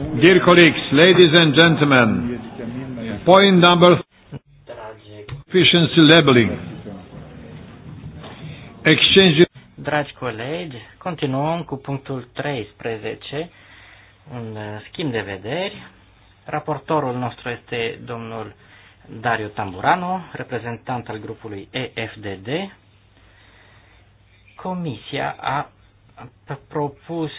Dear colleagues, ladies and gentlemen, point number efficiency labeling. Exchange. Dragi colegi, continuăm cu punctul 13, un uh, schimb de vederi. Raportorul nostru este domnul Dario Tamburano, reprezentant al grupului EFDD. Comisia a propus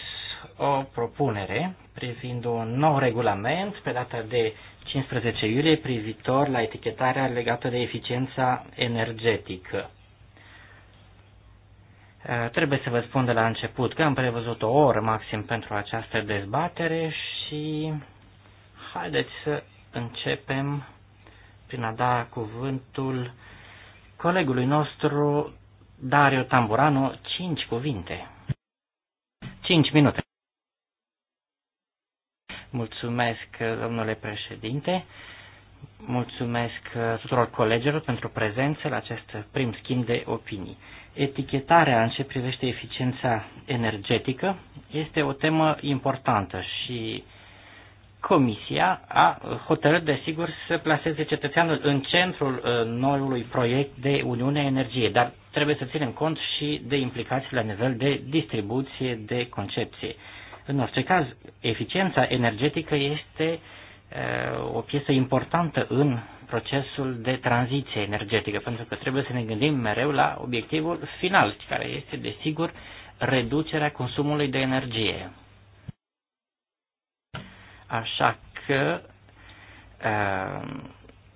o propunere privind un nou regulament pe data de 15 iulie privitor la etichetarea legată de eficiența energetică. Eh, trebuie să vă spun de la început că am prevăzut o oră maxim pentru această dezbatere și haideți să începem prin a da cuvântul colegului nostru Dario Tamburano, 5 cuvinte. 5 minute. Mulțumesc, domnule președinte. Mulțumesc tuturor colegilor pentru prezență la acest prim schimb de opinii. Etichetarea în ce privește eficiența energetică este o temă importantă și Comisia a hotărât, desigur, să placeze cetățeanul în centrul uh, noului proiect de Uniune Energie, dar trebuie să ținem cont și de implicații la nivel de distribuție, de concepție. În orice caz, eficiența energetică este uh, o piesă importantă în procesul de tranziție energetică, pentru că trebuie să ne gândim mereu la obiectivul final, care este, desigur, reducerea consumului de energie. Așa că uh,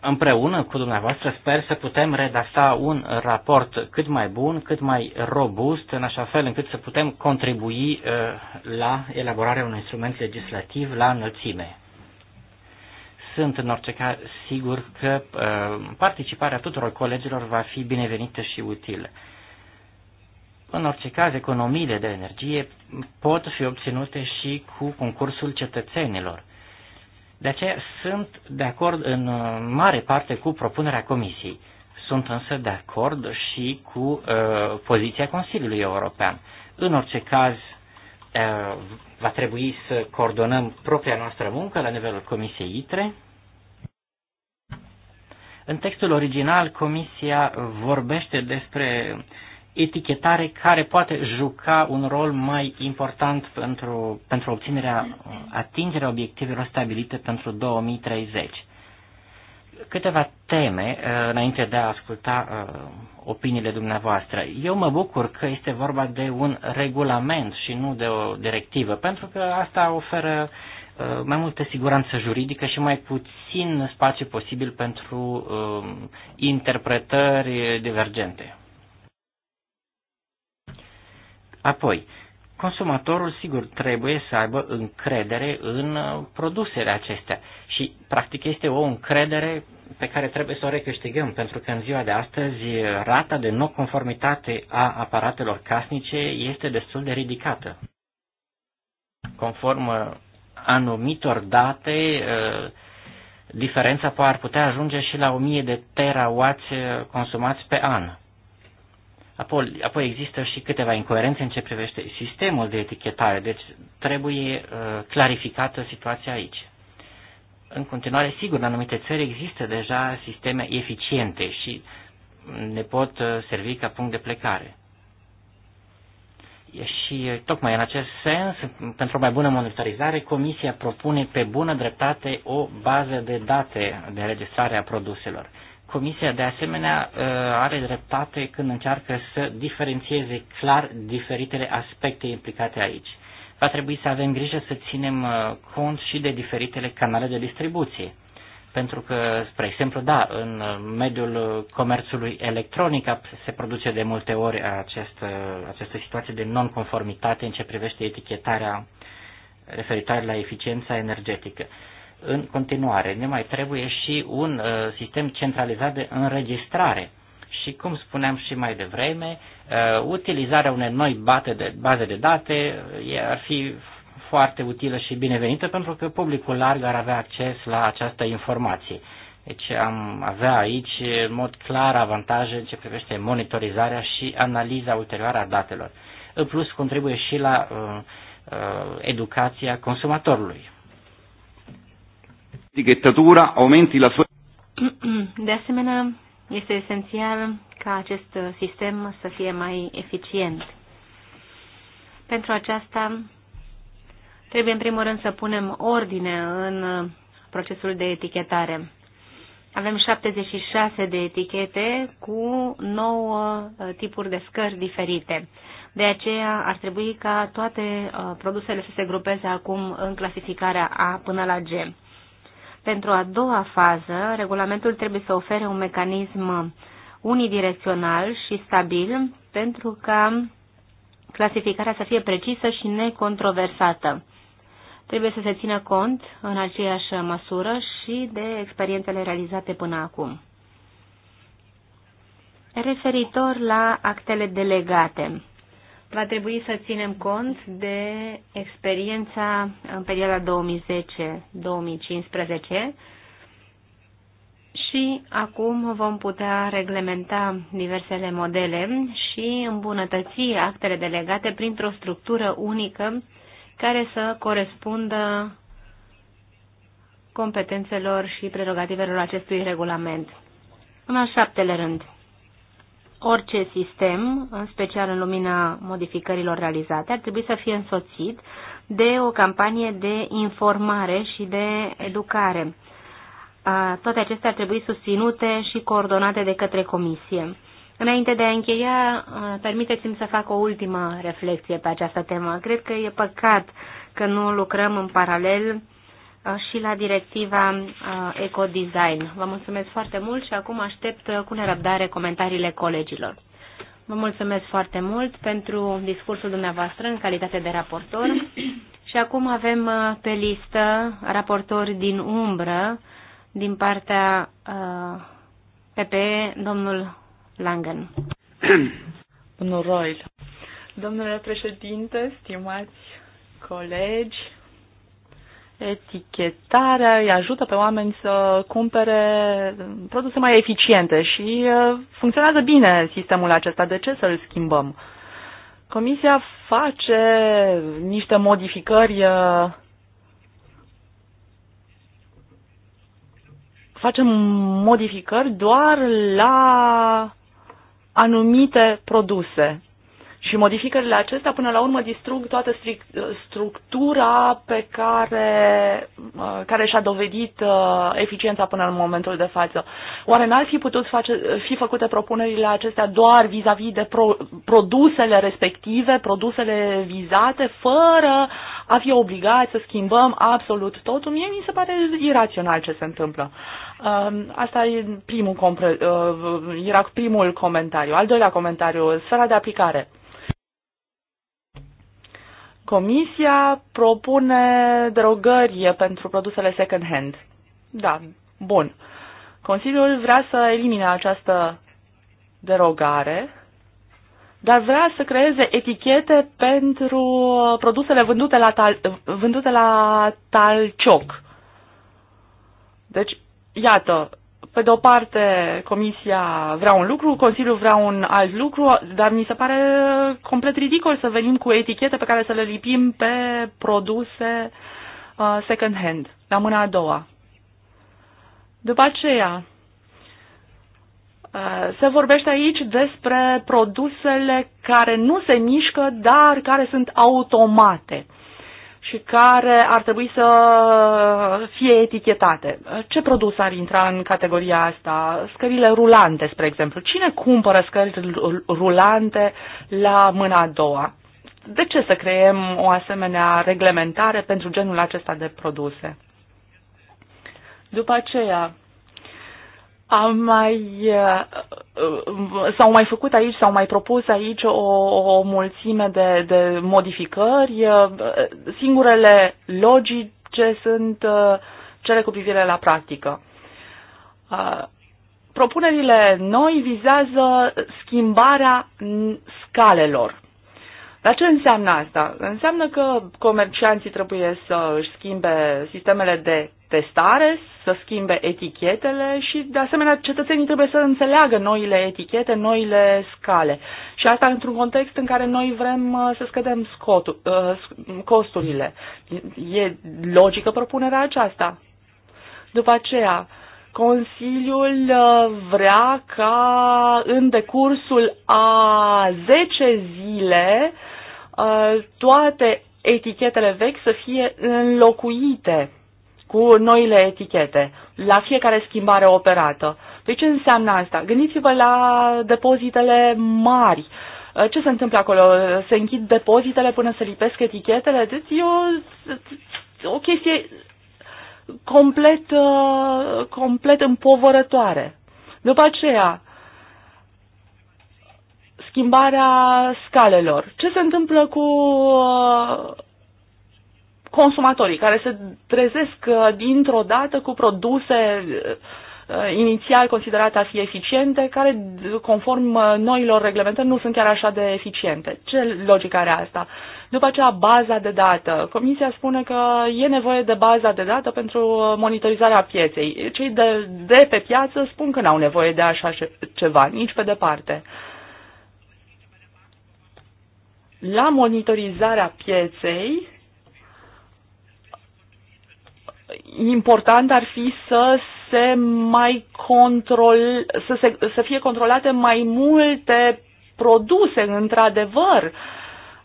împreună cu dumneavoastră sper să putem redacta un raport cât mai bun, cât mai robust, în așa fel încât să putem contribui uh, la elaborarea unui instrument legislativ la înălțime. Sunt în orice caz sigur că uh, participarea tuturor colegilor va fi binevenită și utilă. În orice caz, economiile de energie pot fi obținute și cu concursul cetățenilor de aceea sunt de acord în uh, mare parte cu propunerea Comisiei. Sunt însă de acord și cu uh, poziția Consiliului European. În orice caz, uh, va trebui să coordonăm propria noastră muncă la nivelul Comisiei ITRE. În textul original, Comisia vorbește despre etichetare care poate juca un rol mai important pentru, pentru obținerea, atingerea obiectivelor stabilite pentru 2030. Câteva teme uh, înainte de a asculta uh, opiniile dumneavoastră. Eu mă bucur că este vorba de un regulament și nu de o directivă, pentru că asta oferă uh, mai multă siguranță juridică și mai puțin spațiu posibil pentru interpretări divergente. Apoi, consumatorul, sigur, trebuie să aibă încredere în uh, produsele acestea și, practic, este o încredere pe care trebuie să o recâștigăm, pentru că în ziua de astăzi rata de non-conformitate a aparatelor casnice este destul de ridicată. Conform uh, anumitor date, uh, diferența ar putea ajunge și la 1000 de terawatts consumați pe an. Apoi, apoi există și câteva incoerențe în ce privește sistemul de etichetare, deci trebuie uh, clarificată situația aici. În continuare, sigur, în anumite țări există deja sisteme eficiente și ne pot uh, servi ca punct de plecare. Și uh, tocmai în acest sens, pentru o mai bună monitorizare, Comisia propune pe bună dreptate o bază de date de registrare a produselor. Comisia, de asemenea, uh, are dreptate când încearcă să diferențieze clar diferitele aspecte implicate aici. Va trebui să avem grijă să ținem uh, cont și de diferitele canale de distribuție. Pentru că, spre exemplu, da, în uh, mediul comerțului electronic se produce de multe ori această, această situație de nonconformitate în ce privește etichetarea referitoare la eficiența energetică. Uh, în continuare. Ne mai trebuie și un uh, sistem centralizat de înregistrare. Și cum spuneam și mai devreme, uh, utilizarea unei noi bate de, baze de date uh, ar fi foarte utilă și binevenită pentru că publicul larg ar avea acces la această informație. Deci am avea aici în mod clar avantaje în ce privește monitorizarea și analiza ulterioară a datelor. În plus, contribuie și la uh, uh, educația consumatorului etichettatura aumenti la sua... De asemenea, este esențial ca acest sistem să fie mai eficient. Pentru aceasta, trebuie în primul rând să punem ordine în procesul de etichetare. Avem 76 de etichete cu 9 uh, tipuri de scări diferite. De aceea ar trebui ca toate uh, produsele să se grupeze acum în clasificarea A până la G. Pentru a doua fază, regulamentul trebuie să ofere un mecanism unidirecțional și stabil pentru ca clasificarea să fie precisă și necontroversată. Trebuie să se țină cont, în aceeași măsură, și de experiențele realizate până acum. Referitor la actele delegate va trebui să ținem cont de experiența în perioada 2010-2015 și acum vom putea reglementa diversele modele și îmbunătăți actele delegate printr-o structură unică care să corespundă competențelor și prerogativelor acestui regulament. În al șaptele rând, orice sistem, în special în lumina modificărilor realizate, ar trebui să fie însoțit de o campanie de informare și de educare. Toate acestea ar trebui susținute și coordonate de către Comisie. Înainte de a încheia, permiteți-mi să fac o ultimă reflexie pe această temă. Cred că e păcat că nu lucrăm în paralel și la directiva Ecodesign. Vă mulțumesc foarte mult și acum aștept uh, cu nerăbdare comentariile colegilor. Vă mulțumesc foarte mult pentru discursul dumneavoastră în calitate de raportor. Și acum avem uh, pe listă raportori din umbră din partea uh, PPE, domnul Langen. Domnul Roil. Domnule președinte, stimați colegi, etichetarea îi ajută pe oameni să cumpere produse mai eficiente și uh, funcționează bine sistemul acesta. De ce să-l schimbăm? Comisia face niște modificări uh, facem modificări doar la anumite produse. Și modificările acestea, până la urmă, distrug toată structura pe care, uh, care și-a dovedit uh, eficiența până în momentul de față. Oare n-ar fi putut face, fi făcute propunerile acestea doar vis-a-vis -vis de pro, produsele respective, produsele vizate, fără a fi obligați să schimbăm absolut totul? Mie mi se pare irațional ce se întâmplă. Um, asta e primul, uh, era primul comentariu. Al doilea comentariu, sfera de aplicare. Comisia propune derogări pentru produsele second-hand. Da, bun. Consiliul vrea să elimine această derogare, dar vrea să creeze etichete pentru produsele vândute la, tal, vândute la talcioc. Deci, iată, pe de o parte, Comisia vrea un lucru, Consiliul vrea un alt lucru, dar mi se pare complet ridicol să venim cu etichete pe care să le lipim pe produse uh, second hand, la mâna a doua. După aceea, uh, se vorbește aici despre produsele care nu se mișcă, dar care sunt automate și care ar trebui să fie etichetate. Ce produs ar intra în categoria asta? Scările rulante, spre exemplu. Cine cumpără scări rulante la mâna a doua? De ce să creăm o asemenea reglementare pentru genul acesta de produse? După aceea, am mai, uh, s-au mai făcut aici, s-au mai propus aici o, o mulțime de, de modificări. Uh, singurele logice sunt uh, cele cu privire la practică. Propunerile noi vizează schimbarea scalelor. Dar ce înseamnă asta? Înseamnă că comercianții trebuie să își schimbe sistemele de testare, să schimbe etichetele și, de asemenea, cetățenii trebuie să înțeleagă noile etichete, noile scale. Și asta într-un context în care noi vrem uh, să scădem uh, costurile. E logică propunerea aceasta. După aceea, Consiliul uh, vrea ca în decursul a 10 zile toate etichetele vechi să fie înlocuite cu noile etichete, la fiecare schimbare operată. Deci ce înseamnă asta? Gândiți-vă la depozitele mari. Uh, ce se întâmplă acolo? Se închid depozitele până se lipesc etichetele? Deci e o, o chestie complet, uh, complet împovărătoare. După aceea, schimbarea scalelor. Ce se întâmplă cu uh, consumatorii care se trezesc uh, dintr-o dată cu produse uh, uh, inițial considerate a fi eficiente, care conform noilor reglementări nu sunt chiar așa de eficiente. Ce logică are asta? După aceea, baza de dată. Comisia spune că e nevoie de baza de dată pentru monitorizarea pieței. Cei de, de pe piață spun că n-au nevoie de așa ceva, nici pe departe. La monitorizarea pieței, important ar fi să se mai control, să, se, să fie controlate mai multe produse, într-adevăr.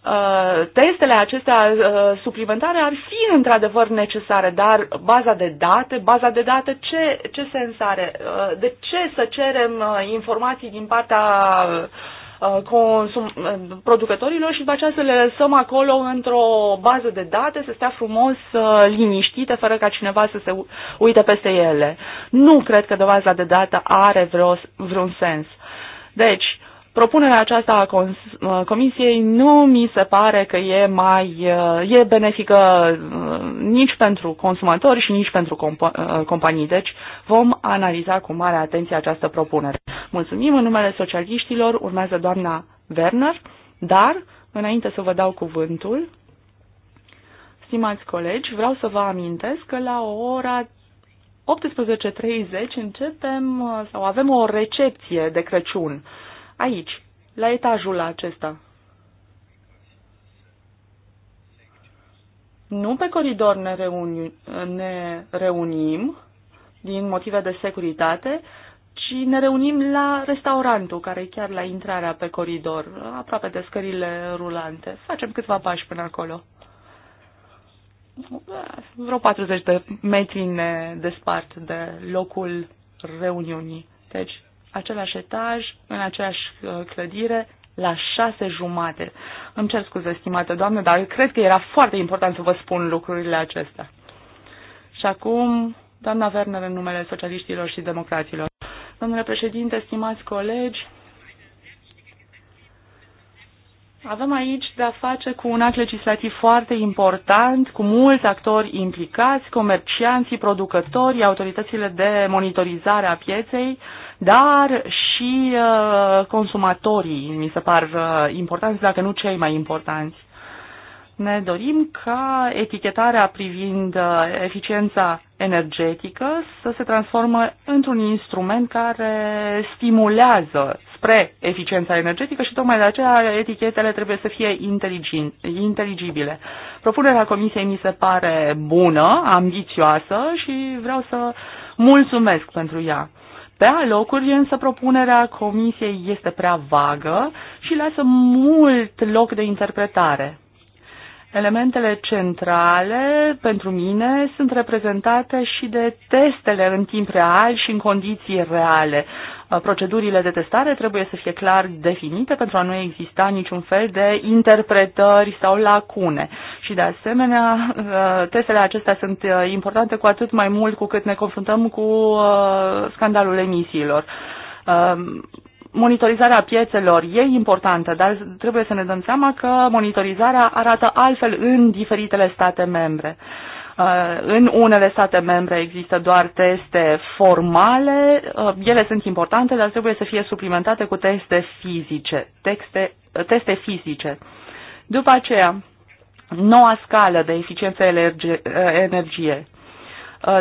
Uh, testele acestea uh, suplimentare ar fi într-adevăr necesare, dar baza de date, baza de date ce, ce sens are? Uh, de ce să cerem informații din partea uh, Uh, consum, uh, producătorilor și după aceea să le lăsăm acolo într-o bază de date, să stea frumos uh, liniștite, fără ca cineva să se uite peste ele. Nu cred că dovaza de dată are vreo, vreun sens. Deci, propunerea aceasta a uh, Comisiei nu mi se pare că e mai uh, e benefică uh, nici pentru consumatori și nici pentru comp- companii. Deci vom analiza cu mare atenție această propunere. Mulțumim în numele socialiștilor, urmează doamna Werner, dar înainte să vă dau cuvântul, stimați colegi, vreau să vă amintesc că la ora 18.30 începem sau avem o recepție de Crăciun aici, la etajul acesta. Nu pe coridor ne, reuni, ne reunim din motive de securitate, ci ne reunim la restaurantul care e chiar la intrarea pe coridor, aproape de scările rulante. Facem câțiva pași până acolo. Vreo 40 de metri ne despart de locul reuniunii. Deci același etaj, în aceeași uh, clădire, la șase jumate. Îmi cer scuze, stimată doamnă, dar cred că era foarte important să vă spun lucrurile acestea. Și acum, doamna Werner, în numele socialiștilor și democraților. Domnule președinte, stimați colegi, avem aici de-a face cu un act legislativ foarte important, cu mulți actori implicați, comercianții, producătorii, autoritățile de monitorizare a pieței, dar și uh, consumatorii, mi se par uh, importanți, dacă nu cei mai importanți. Ne dorim ca etichetarea privind uh, eficiența energetică să se transformă într-un instrument care stimulează spre eficiența energetică și tocmai de aceea etichetele trebuie să fie inteligibile. Propunerea Comisiei mi se pare bună, ambițioasă și vreau să mulțumesc pentru ea. Pe alocuri, însă, propunerea Comisiei este prea vagă și lasă mult loc de interpretare. Elementele centrale pentru mine sunt reprezentate și de testele în timp real și în condiții reale. Uh, procedurile de testare trebuie să fie clar definite pentru a nu exista niciun fel de interpretări sau lacune. Și de asemenea, uh, testele acestea sunt uh, importante cu atât mai mult cu cât ne confruntăm cu scandalul emisiilor um, monitorizarea piețelor e importantă, dar trebuie să ne dăm seama că monitorizarea arată altfel în diferitele state membre. Uh, în unele state membre există doar teste formale, uh, ele sunt importante, dar trebuie să fie suplimentate cu teste fizice, texte, uh, teste fizice. După aceea, noua scală de eficiență energie.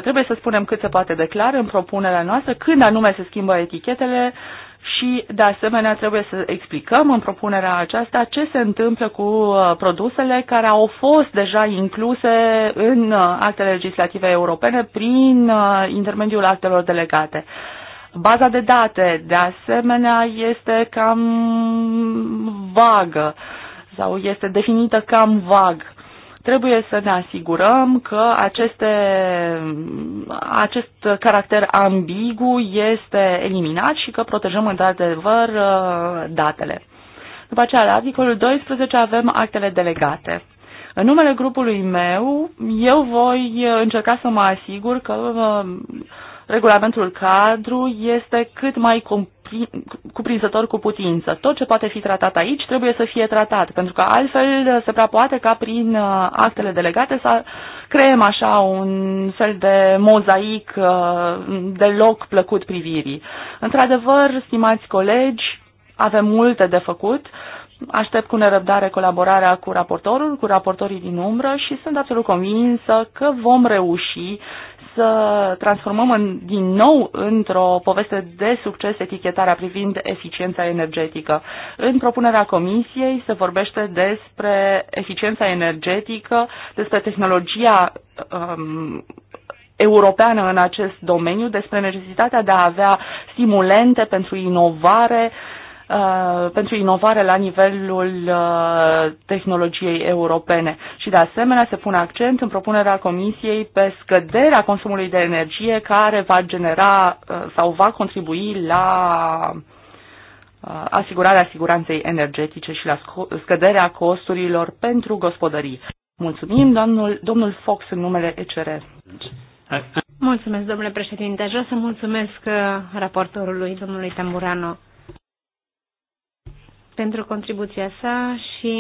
Trebuie să spunem cât se poate de clar în propunerea noastră când anume se schimbă etichetele, și, de asemenea, trebuie să explicăm în propunerea aceasta ce se întâmplă cu uh, produsele care au fost deja incluse în uh, actele legislative europene prin uh, intermediul actelor delegate. Baza de date, de asemenea, este cam vagă sau este definită cam vag. Trebuie să ne asigurăm că aceste, acest caracter ambigu este eliminat și că protejăm într-adevăr uh, datele. După aceea, la articolul 12 avem actele delegate. În numele grupului meu, eu voi uh, încerca să mă asigur că uh, regulamentul cadru este cât mai cuprinzător cu putință. Tot ce poate fi tratat aici trebuie să fie tratat, pentru că altfel se prea poate ca prin uh, actele delegate să creăm așa un fel de mozaic uh, de loc plăcut privirii. Într-adevăr, stimați colegi, avem multe de făcut. Aștept cu nerăbdare colaborarea cu raportorul, cu raportorii din umbră și sunt absolut convinsă că vom reuși să transformăm în, din nou într-o poveste de succes etichetarea privind eficiența energetică. În propunerea comisiei se vorbește despre eficiența energetică, despre tehnologia um, europeană în acest domeniu, despre necesitatea de a avea stimulente pentru inovare, uh, Uh, pentru inovare la nivelul uh, tehnologiei europene. Și de asemenea se pune accent în propunerea Comisiei pe scăderea consumului de energie care va genera uh, sau va contribui la asigurarea siguranței energetice și la scăderea costurilor pentru gospodării. Mulțumim, domnul, domnul Fox, în numele ECR. Mulțumesc, domnule președinte. Aș vrea să mulțumesc raportorului, domnului Tamburano pentru contribuția sa și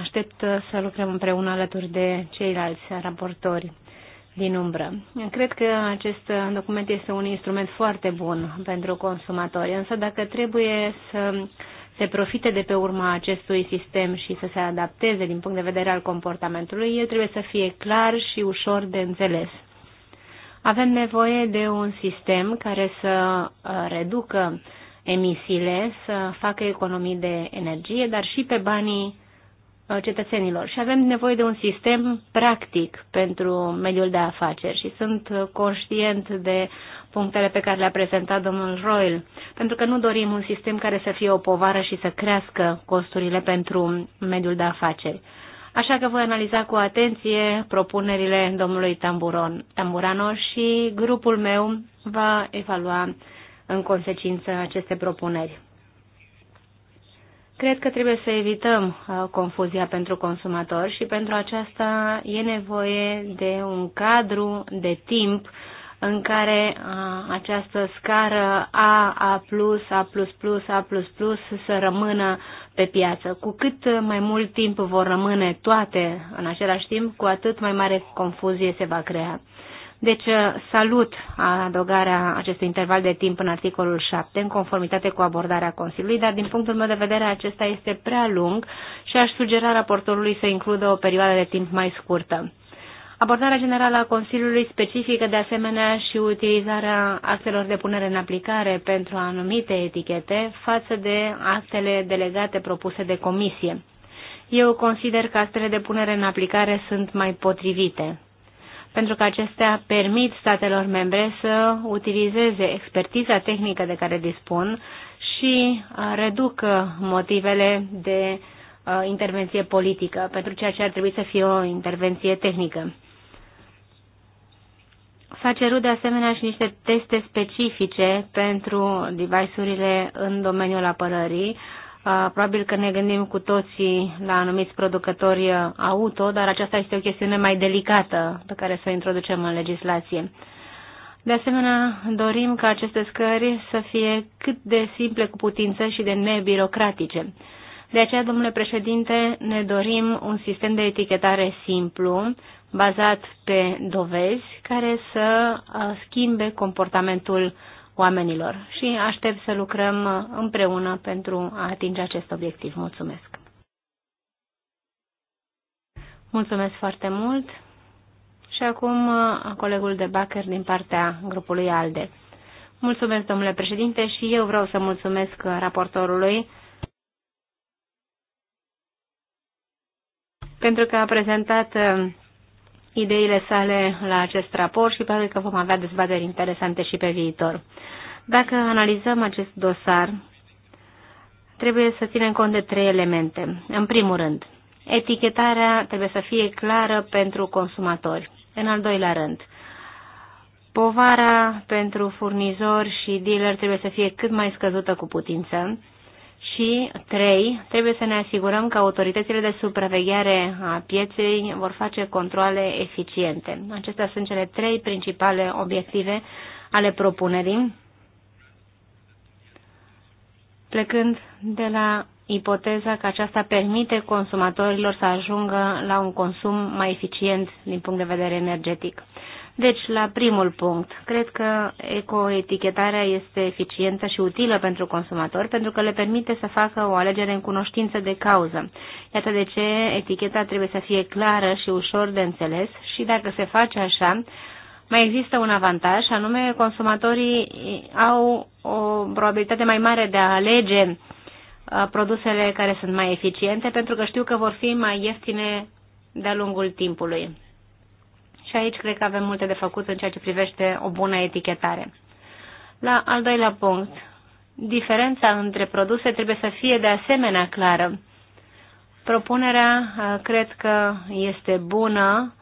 aștept să lucrăm împreună alături de ceilalți raportori din umbră. Cred că acest document este un instrument foarte bun pentru consumatori, însă dacă trebuie să se profite de pe urma acestui sistem și să se adapteze din punct de vedere al comportamentului, el trebuie să fie clar și ușor de înțeles. Avem nevoie de un sistem care să uh, reducă uh, emisiile, să facă economii de energie, dar și pe banii uh, cetățenilor. Și avem nevoie de un sistem practic pentru mediul de afaceri și sunt uh, conștient de punctele pe care le-a prezentat domnul Royal, pentru că nu dorim un sistem care să fie o povară și să crească costurile pentru mediul de afaceri. Așa că voi analiza cu atenție propunerile domnului Tamburon, Tamburano și grupul meu va evalua în consecință aceste propuneri. Cred că trebuie să evităm uh, confuzia pentru consumatori și pentru aceasta e nevoie de un cadru de timp în care uh, această scară A, A+, A++, A++ să rămână pe piață. Cu cât mai mult timp vor rămâne toate în același timp, cu atât mai mare confuzie se va crea. Deci uh, salut adăugarea acestui interval de timp în articolul 7, în conformitate cu abordarea Consiliului, dar din punctul meu de vedere acesta este prea lung și aș sugera raportorului să includă o perioadă de timp mai scurtă. Abordarea generală a Consiliului specifică de asemenea și utilizarea actelor de punere în aplicare pentru anumite etichete față de actele delegate propuse de comisie. Eu consider că actele de punere în aplicare sunt mai potrivite pentru că acestea permit statelor membre să utilizeze expertiza tehnică de care dispun și uh, reduc uh, motivele de uh, intervenție politică, pentru ceea ce ar trebui să fie o intervenție tehnică. S-a cerut de asemenea și niște teste specifice pentru device-urile în domeniul apărării, Uh, probabil că ne gândim cu toții la anumiți producători uh, auto, dar aceasta este o chestiune mai delicată pe care să o introducem în legislație. De asemenea, dorim ca aceste scări să fie cât de simple cu putință și de nebirocratice. De aceea, domnule președinte, ne dorim un sistem de etichetare simplu, bazat pe dovezi, care să uh, schimbe comportamentul oamenilor și aștept să lucrăm împreună pentru a atinge acest obiectiv. Mulțumesc! Mulțumesc foarte mult! Și acum colegul de Bacher din partea grupului ALDE. Mulțumesc, domnule președinte, și eu vreau să mulțumesc raportorului pentru că a prezentat ideile sale la acest raport și probabil că vom avea dezbateri interesante și pe viitor. Dacă analizăm acest dosar, trebuie să ținem cont de trei elemente. În primul rând, etichetarea trebuie să fie clară pentru consumatori. În al doilea rând, povara pentru furnizori și dealer trebuie să fie cât mai scăzută cu putință. Și, trei, trebuie să ne asigurăm că autoritățile de supraveghere a pieței vor face controle eficiente. Acestea sunt cele trei principale obiective ale propunerii, plecând de la ipoteza că aceasta permite consumatorilor să ajungă la un consum mai eficient din punct de vedere energetic. Deci, la primul punct, cred că ecoetichetarea este eficientă și utilă pentru consumatori, pentru că le permite să facă o alegere în cunoștință de cauză. Iată de ce eticheta trebuie să fie clară și ușor de înțeles și dacă se face așa, mai există un avantaj, anume consumatorii au o probabilitate mai mare de a alege uh, produsele care sunt mai eficiente, pentru că știu că vor fi mai ieftine de-a lungul timpului și aici cred că avem multe de făcut în ceea ce privește o bună etichetare. La al doilea punct, diferența între produse trebuie să fie de asemenea clară. Propunerea uh, cred că este bună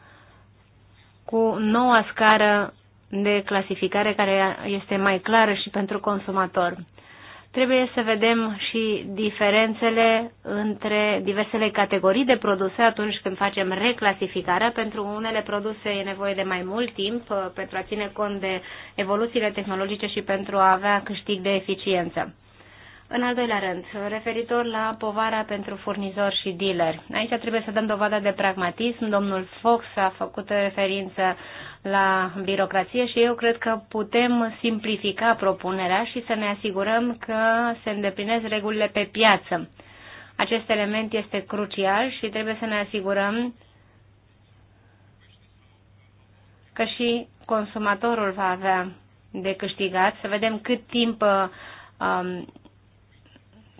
cu noua scară de clasificare care este mai clară și pentru consumator. Trebuie să vedem și diferențele între diversele categorii de produse atunci când facem reclasificarea. Pentru unele produse e nevoie de mai mult timp uh, pentru a ține cont de evoluțiile tehnologice și pentru a avea câștig de eficiență. În al doilea rând, referitor la povara pentru furnizori și dealeri. Aici trebuie să dăm dovadă de pragmatism. Domnul Fox a făcut referință la birocrație și eu cred că putem simplifica propunerea și să ne asigurăm că se îndeplinesc regulile pe piață. Acest element este crucial și trebuie să ne asigurăm că și consumatorul va avea de câștigat, să vedem cât timp um,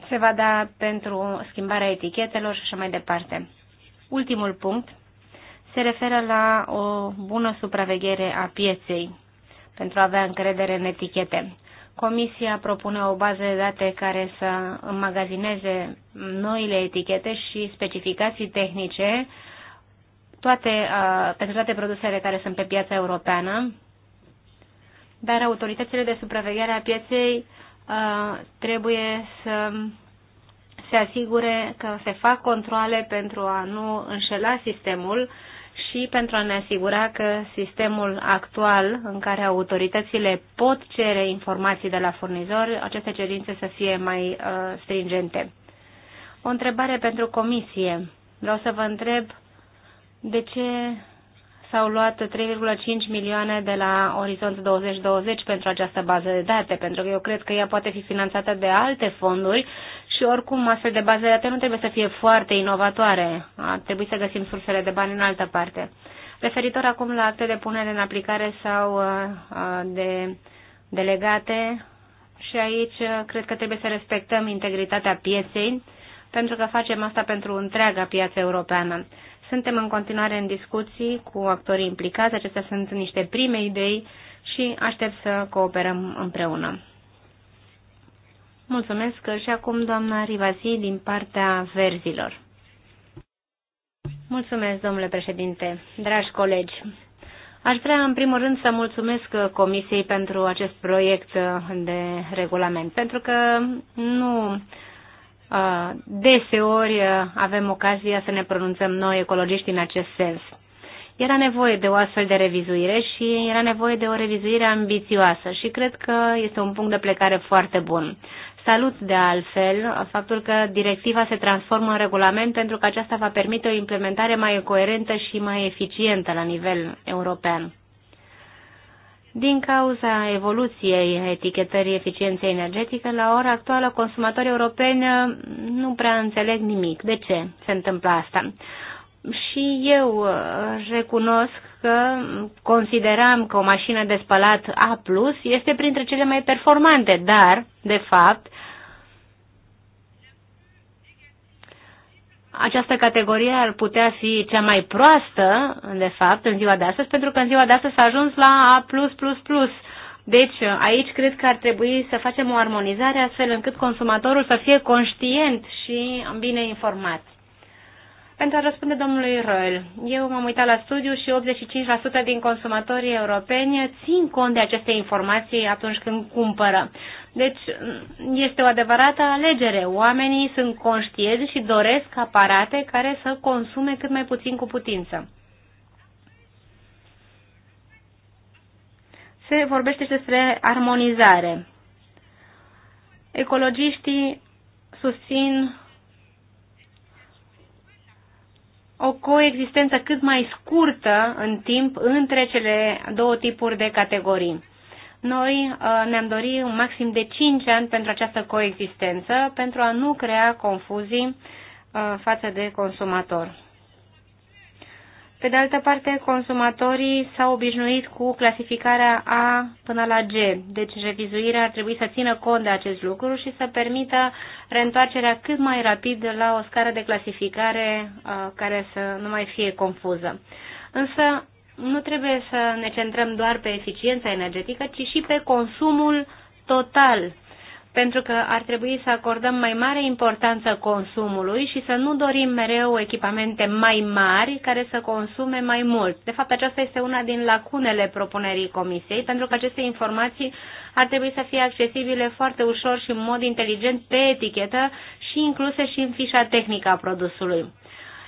se va da pentru schimbarea etichetelor și așa mai departe. Ultimul punct se referă la o bună supraveghere a pieței pentru a avea încredere în etichete. Comisia propune o bază de date care să înmagazineze noile etichete și specificații tehnice toate, uh, pentru toate produsele care sunt pe piața europeană, dar autoritățile de supraveghere a pieței uh, trebuie să se asigure că se fac controle pentru a nu înșela sistemul și pentru a ne asigura că sistemul actual în care autoritățile pot cere informații de la furnizori, aceste cerințe să fie mai uh, stringente. O întrebare pentru comisie. Vreau să vă întreb de ce s-au luat 3,5 milioane de la Orizont 2020 pentru această bază de date, pentru că eu cred că ea poate fi finanțată de alte fonduri și oricum astfel de baze de date nu trebuie să fie foarte inovatoare. Ar trebui să găsim sursele de bani în altă parte. Referitor acum la acte de punere în aplicare sau uh, uh, de delegate, și aici uh, cred că trebuie să respectăm integritatea pieței, pentru că facem asta pentru întreaga piață europeană. Suntem în continuare în discuții cu actorii implicați, acestea sunt niște prime idei și aștept să cooperăm împreună. Mulțumesc și acum doamna Rivazi din partea verzilor. Mulțumesc, domnule președinte, dragi colegi. Aș vrea, în primul rând, să mulțumesc Comisiei pentru acest proiect de regulament, pentru că nu Deseori avem ocazia să ne pronunțăm noi, ecologiști, în acest sens. Era nevoie de o astfel de revizuire și era nevoie de o revizuire ambițioasă și cred că este un punct de plecare foarte bun. Salut de altfel faptul că directiva se transformă în regulament pentru că aceasta va permite o implementare mai coerentă și mai eficientă la nivel european. Din cauza evoluției etichetării eficienței energetice, la ora actuală consumatorii europeni uh, nu prea înțeleg nimic. De ce se întâmplă asta? Și eu uh, recunosc că consideram că o mașină de spălat A+, este printre cele mai performante, dar, de fapt, Această categorie ar putea fi cea mai proastă, de fapt, în ziua de astăzi, pentru că în ziua de astăzi s-a ajuns la A++. Deci, aici cred că ar trebui să facem o armonizare astfel încât consumatorul să fie conștient și bine informat. Pentru a răspunde domnului Roel, eu m-am uitat la studiu și 85% din consumatorii europeni țin cont de aceste informații atunci când cumpără. Deci este o adevărată alegere. Oamenii sunt conștienți și doresc aparate care să consume cât mai puțin cu putință. Se vorbește și despre armonizare. Ecologiștii susțin o coexistență cât mai scurtă în timp între cele două tipuri de categorii noi uh, ne-am dorit un maxim de 5 ani pentru această coexistență, pentru a nu crea confuzii uh, față de consumator. Pe de altă parte, consumatorii s-au obișnuit cu clasificarea A până la G, deci revizuirea ar trebui să țină cont de acest lucru și să permită reîntoarcerea cât mai rapid la o scară de clasificare uh, care să nu mai fie confuză. Însă nu trebuie să ne centrăm doar pe eficiența energetică, ci și pe consumul total, pentru că ar trebui să acordăm mai mare importanță consumului și să nu dorim mereu echipamente mai mari care să consume mai mult. De fapt, aceasta este una din lacunele propunerii Comisiei, pentru că aceste informații ar trebui să fie accesibile foarte ușor și în mod inteligent pe etichetă și incluse și în fișa tehnică a produsului.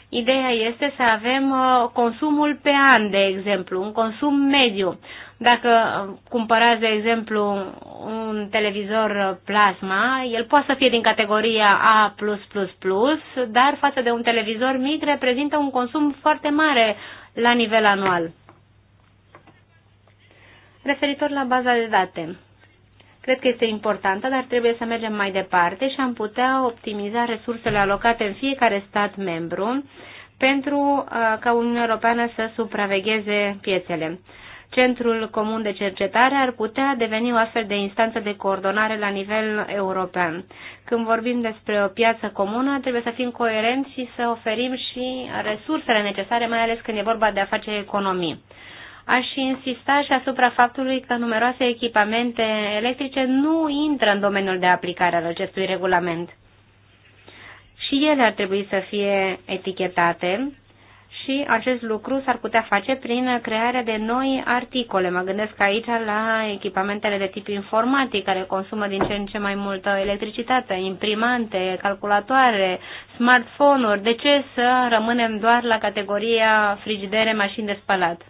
Ideea este să avem uh, consumul pe an, de exemplu, un consum mediu. Dacă uh, cumpărați, de exemplu, un televizor uh, plasma, el poate să fie din categoria A+++, dar față de un televizor mic reprezintă un consum foarte mare la nivel anual. Referitor la baza de date cred că este importantă, dar trebuie să mergem mai departe și am putea optimiza resursele alocate în fiecare stat membru pentru uh, ca Uniunea Europeană să supravegheze piețele. Centrul Comun de Cercetare ar putea deveni o astfel de instanță de coordonare la nivel european. Când vorbim despre o piață comună, trebuie să fim coerenți și să oferim și resursele necesare, mai ales când e vorba de a face economii. Aș insista și asupra faptului că numeroase echipamente electrice nu intră în domeniul de aplicare al acestui regulament. Și ele ar trebui să fie etichetate și acest lucru s-ar putea face prin crearea de noi articole. Mă gândesc aici la echipamentele de tip informatic care consumă din ce în ce mai multă electricitate, imprimante, calculatoare, smartphone-uri. De ce să rămânem doar la categoria frigidere, mașini de spălat?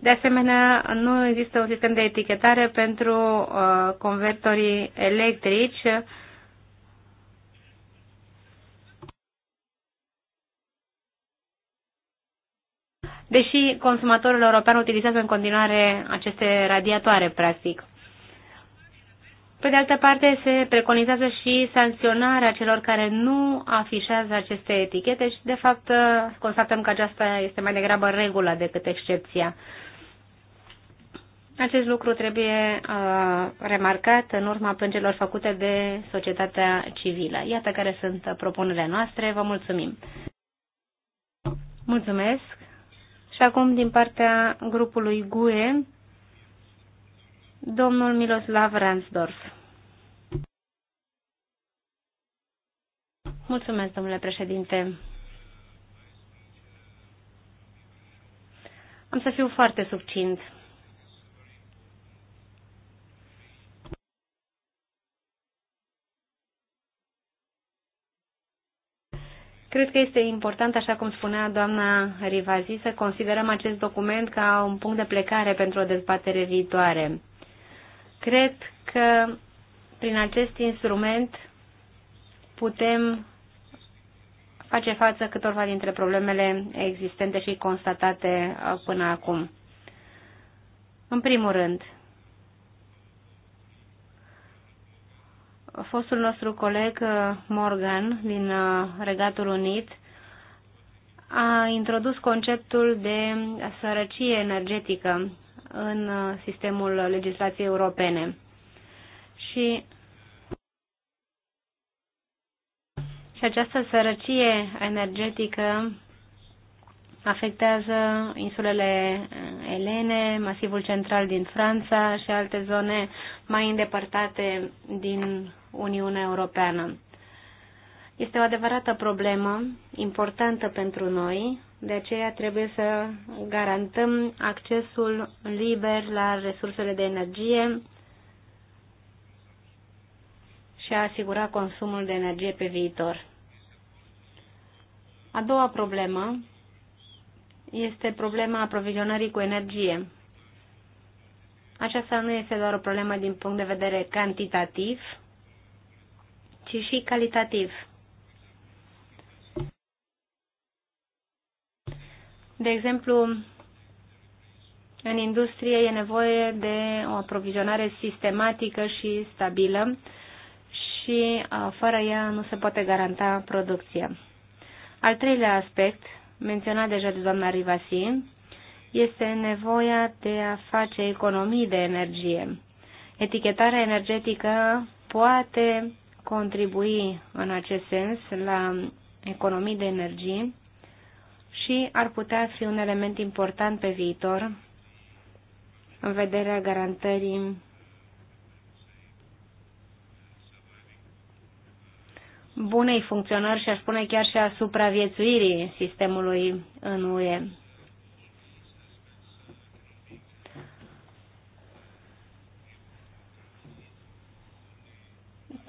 De asemenea, nu există un sistem de etichetare pentru uh, convertorii electrici. Deși consumatorul european utilizează în continuare aceste radiatoare, practic. Pe de altă parte, se preconizează și sancționarea celor care nu afișează aceste etichete și, de fapt, constatăm că aceasta este mai degrabă regula decât excepția. Uh, acest lucru trebuie uh, remarcat în urma plângerilor făcute de societatea civilă. Iată care sunt propunerile noastre. Vă mulțumim. Mulțumesc. Și acum, din partea grupului GUE, domnul Miloslav Ransdorf. Mulțumesc, domnule președinte. Am să fiu foarte subțint. Cred că este important, așa cum spunea doamna Rivazi, să considerăm acest document ca un punct de plecare pentru o dezbatere viitoare. Cred că prin acest instrument putem face față câtorva dintre problemele existente și constatate uh, până acum. În primul rând, fostul nostru coleg uh, Morgan din uh, Regatul Unit a introdus conceptul de sărăcie energetică în uh, sistemul legislației europene. Și, și această sărăcie energetică afectează insulele Elene, masivul central din Franța și alte zone mai îndepărtate din Uniunea Europeană. Este o adevărată problemă importantă pentru noi, de aceea trebuie să garantăm accesul liber la resursele de energie și a asigura consumul de energie pe viitor. A doua problemă este problema aprovizionării cu energie. Aceasta nu este doar o problemă din punct de vedere cantitativ, ci și calitativ. De exemplu, în industrie e nevoie de o aprovizionare sistematică și stabilă și fără ea nu se poate garanta producția. Al treilea aspect, menționat deja de doamna Rivasi, este nevoia de a face economii de energie. Etichetarea energetică poate contribui în acest sens la economii de energie și ar putea fi un element important pe viitor în vederea garantării bunei funcționări și aș spune chiar și a supraviețuirii sistemului în UE.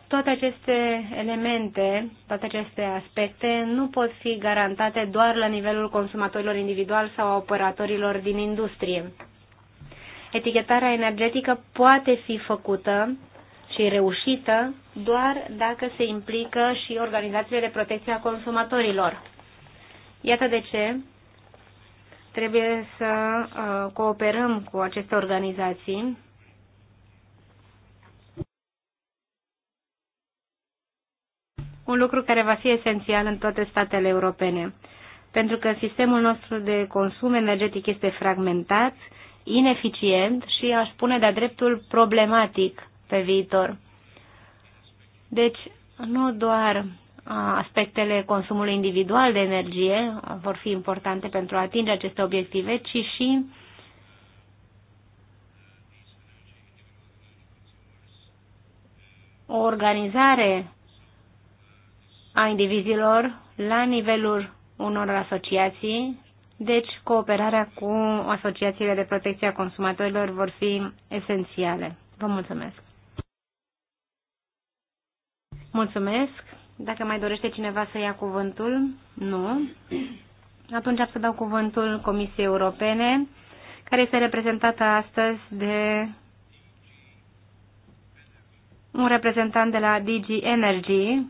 Toate aceste elemente, toate aceste aspecte nu pot fi garantate doar la nivelul consumatorilor individual sau a operatorilor din industrie. Etichetarea energetică poate fi făcută și reușită doar dacă se implică și organizațiile de protecție a consumatorilor. Iată de ce trebuie să uh, cooperăm cu aceste organizații un lucru care va fi esențial în toate statele europene, pentru că sistemul nostru de consum energetic este fragmentat, ineficient și, aș spune de-a dreptul, problematic pe viitor. Deci, nu doar aspectele consumului individual de energie vor fi importante pentru a atinge aceste obiective, ci și o organizare a indivizilor la nivelul unor asociații, deci cooperarea cu asociațiile de protecție a consumatorilor vor fi esențiale. Vă mulțumesc! Mulțumesc! Dacă mai dorește cineva să ia cuvântul, nu. Atunci am să dau cuvântul Comisiei Europene, care este reprezentată astăzi de un reprezentant de la DG Energy,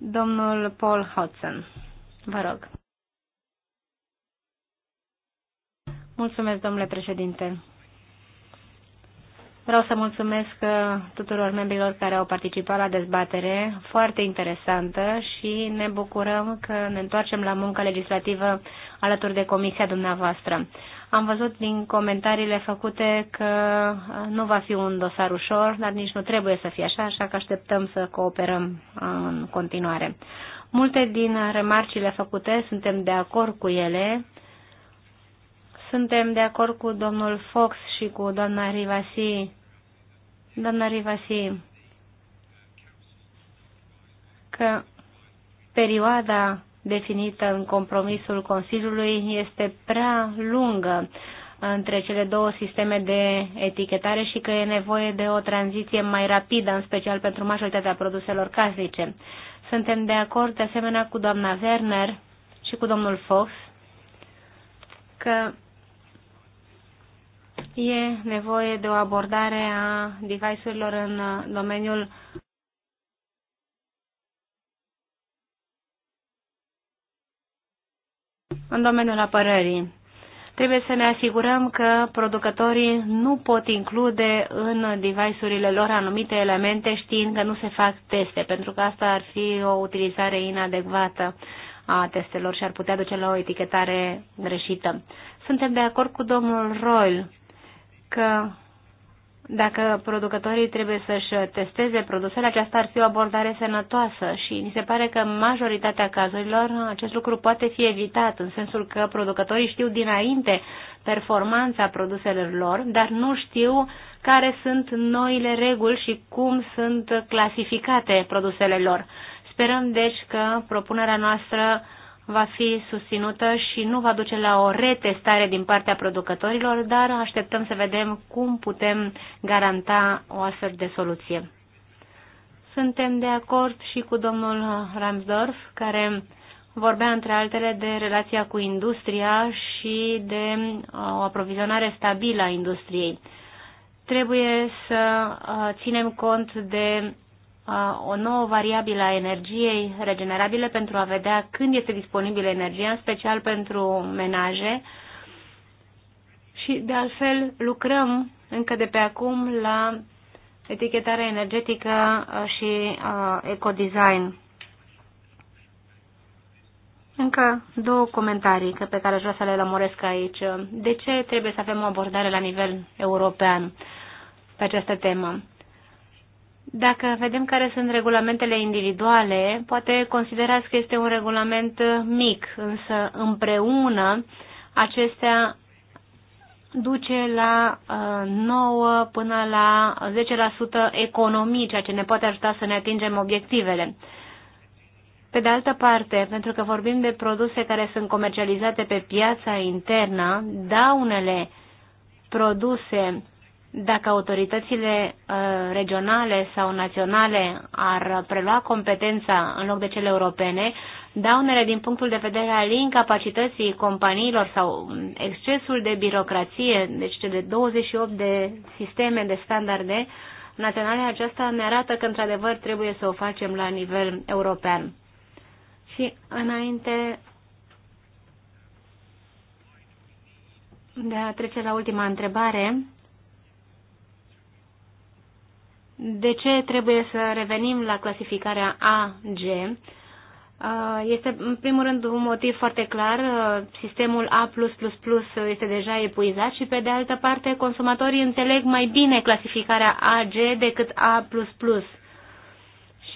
Domnul Paul Hudson, vă rog. Mulțumesc, domnule președinte. Vreau să mulțumesc uh, tuturor membrilor care au participat la dezbatere, foarte interesantă și ne bucurăm că ne întoarcem la munca legislativă alături de comisia dumneavoastră. Am văzut din comentariile făcute că uh, nu va fi un dosar ușor, dar nici nu trebuie să fie așa, așa că așteptăm să cooperăm uh, în continuare. Multe din remarcile făcute suntem de acord cu ele. Suntem de acord cu domnul Fox și cu doamna Rivasi. Doamna Rivasi, că perioada definită în compromisul Consiliului este prea lungă între cele două sisteme de etichetare și că e nevoie de o tranziție mai rapidă, în special pentru majoritatea produselor casnice. Suntem de acord, de asemenea, cu doamna Werner și cu domnul Fox că e nevoie de o abordare a device-urilor în domeniul în domeniul apărării. Trebuie să ne asigurăm că producătorii nu pot include în device-urile lor anumite elemente știind că nu se fac teste, pentru că asta ar fi o utilizare inadecvată a testelor și ar putea duce la o etichetare greșită. Suntem de acord cu domnul Royal că dacă producătorii trebuie să-și testeze produsele, aceasta ar fi o abordare sănătoasă și mi se pare că în majoritatea cazurilor acest lucru poate fi evitat, în sensul că producătorii știu dinainte performanța produselor lor, dar nu știu care sunt noile reguli și cum sunt clasificate produsele lor. Sperăm deci că propunerea noastră va fi susținută și nu va duce la o retestare din partea producătorilor, dar așteptăm să vedem cum putem garanta o astfel de soluție. Suntem de acord și cu domnul Ramsdorf, care vorbea între altele de relația cu industria și de uh, o aprovizionare stabilă a industriei. Trebuie să uh, ținem cont de o nouă variabilă a energiei regenerabile pentru a vedea când este disponibilă energia, în special pentru menaje. Și, de altfel, lucrăm încă de pe acum la etichetarea energetică și ecodesign. Încă două comentarii pe care aș vrea să le lămuresc aici. De ce trebuie să avem o abordare la nivel european pe această temă? Dacă vedem care sunt regulamentele individuale, poate considerați că este un regulament mic, însă împreună acestea duce la 9 uh, până la 10% economii, ceea ce ne poate ajuta să ne atingem obiectivele. Pe de altă parte, pentru că vorbim de produse care sunt comercializate pe piața internă, daunele produse dacă autoritățile uh, regionale sau naționale ar prelua competența în loc de cele europene, daunele din punctul de vedere al incapacității companiilor sau excesul de birocrație, deci de 28 de sisteme de standarde naționale, aceasta ne arată că într-adevăr trebuie să o facem la nivel european. Și înainte de a trece la ultima întrebare, de ce trebuie să revenim la clasificarea AG? Este, în primul rând, un motiv foarte clar. Sistemul A++ este deja epuizat și, pe de altă parte, consumatorii înțeleg mai bine clasificarea AG decât A++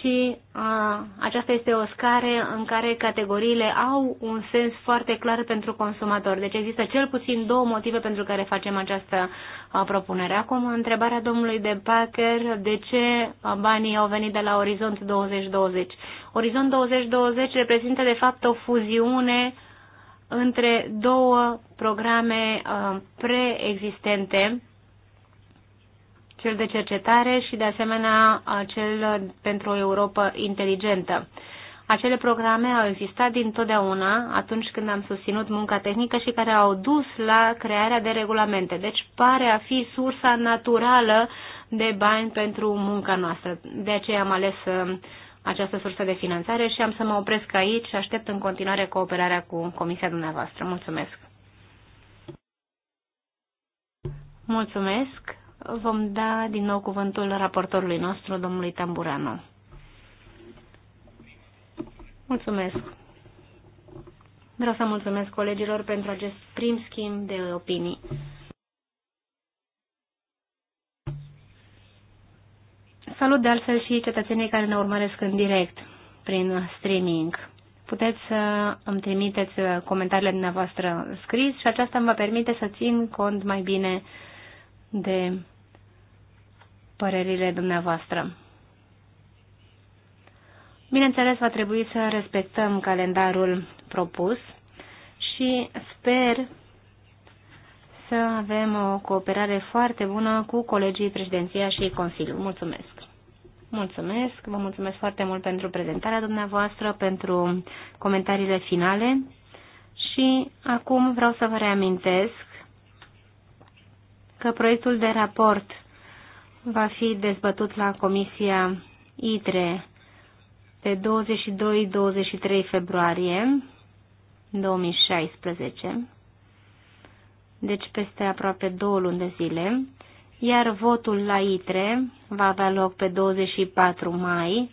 și a, aceasta este o scară în care categoriile au un sens foarte clar pentru consumator. Deci există cel puțin două motive pentru care facem această a, propunere. Acum, întrebarea domnului de Packer, de ce banii au venit de la Orizont 2020? Orizont 2020 reprezintă, de fapt, o fuziune între două programe a, preexistente cel de cercetare și, de asemenea, cel pentru o Europa inteligentă. Acele programe au existat dintotdeauna atunci când am susținut munca tehnică și care au dus la crearea de regulamente. Deci pare a fi sursa naturală de bani pentru munca noastră. De aceea am ales uh, această sursă de finanțare și am să mă opresc aici și aștept în continuare cooperarea cu comisia dumneavoastră. Mulțumesc! Mulțumesc! vom da din nou cuvântul raportorului nostru, domnului Tamburano. Mulțumesc. Vreau să mulțumesc colegilor pentru acest prim schimb de opinii. Salut de altfel și cetățenii care ne urmăresc în direct prin streaming. Puteți să îmi trimiteți comentariile dumneavoastră scris și aceasta îmi va permite să țin cont mai bine de părerile dumneavoastră. Bineînțeles, va trebui să respectăm calendarul propus și sper să avem o cooperare foarte bună cu colegii președinția și Consiliul. Mulțumesc! Mulțumesc, vă mulțumesc foarte mult pentru prezentarea dumneavoastră, pentru comentariile finale și acum vreau să vă reamintesc că proiectul de raport va fi dezbătut la Comisia ITRE pe 22-23 februarie 2016, deci peste aproape două luni de zile, iar votul la ITRE va avea loc pe 24 mai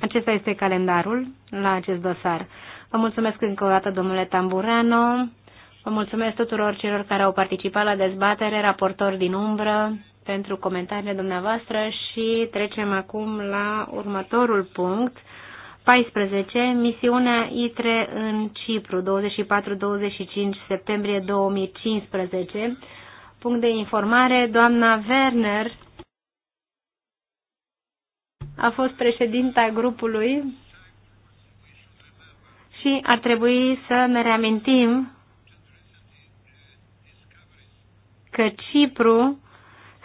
Acesta este calendarul la acest dosar. Vă mulțumesc încă o dată, domnule Tamburano. Vă mulțumesc tuturor celor care au participat la dezbatere, raportori din umbră, pentru comentariile dumneavoastră și trecem acum la următorul punct. 14. Misiunea ITRE în Cipru, 24-25 septembrie 2015. Punct de informare, doamna Werner a fost președinta grupului și ar trebui să ne reamintim că Cipru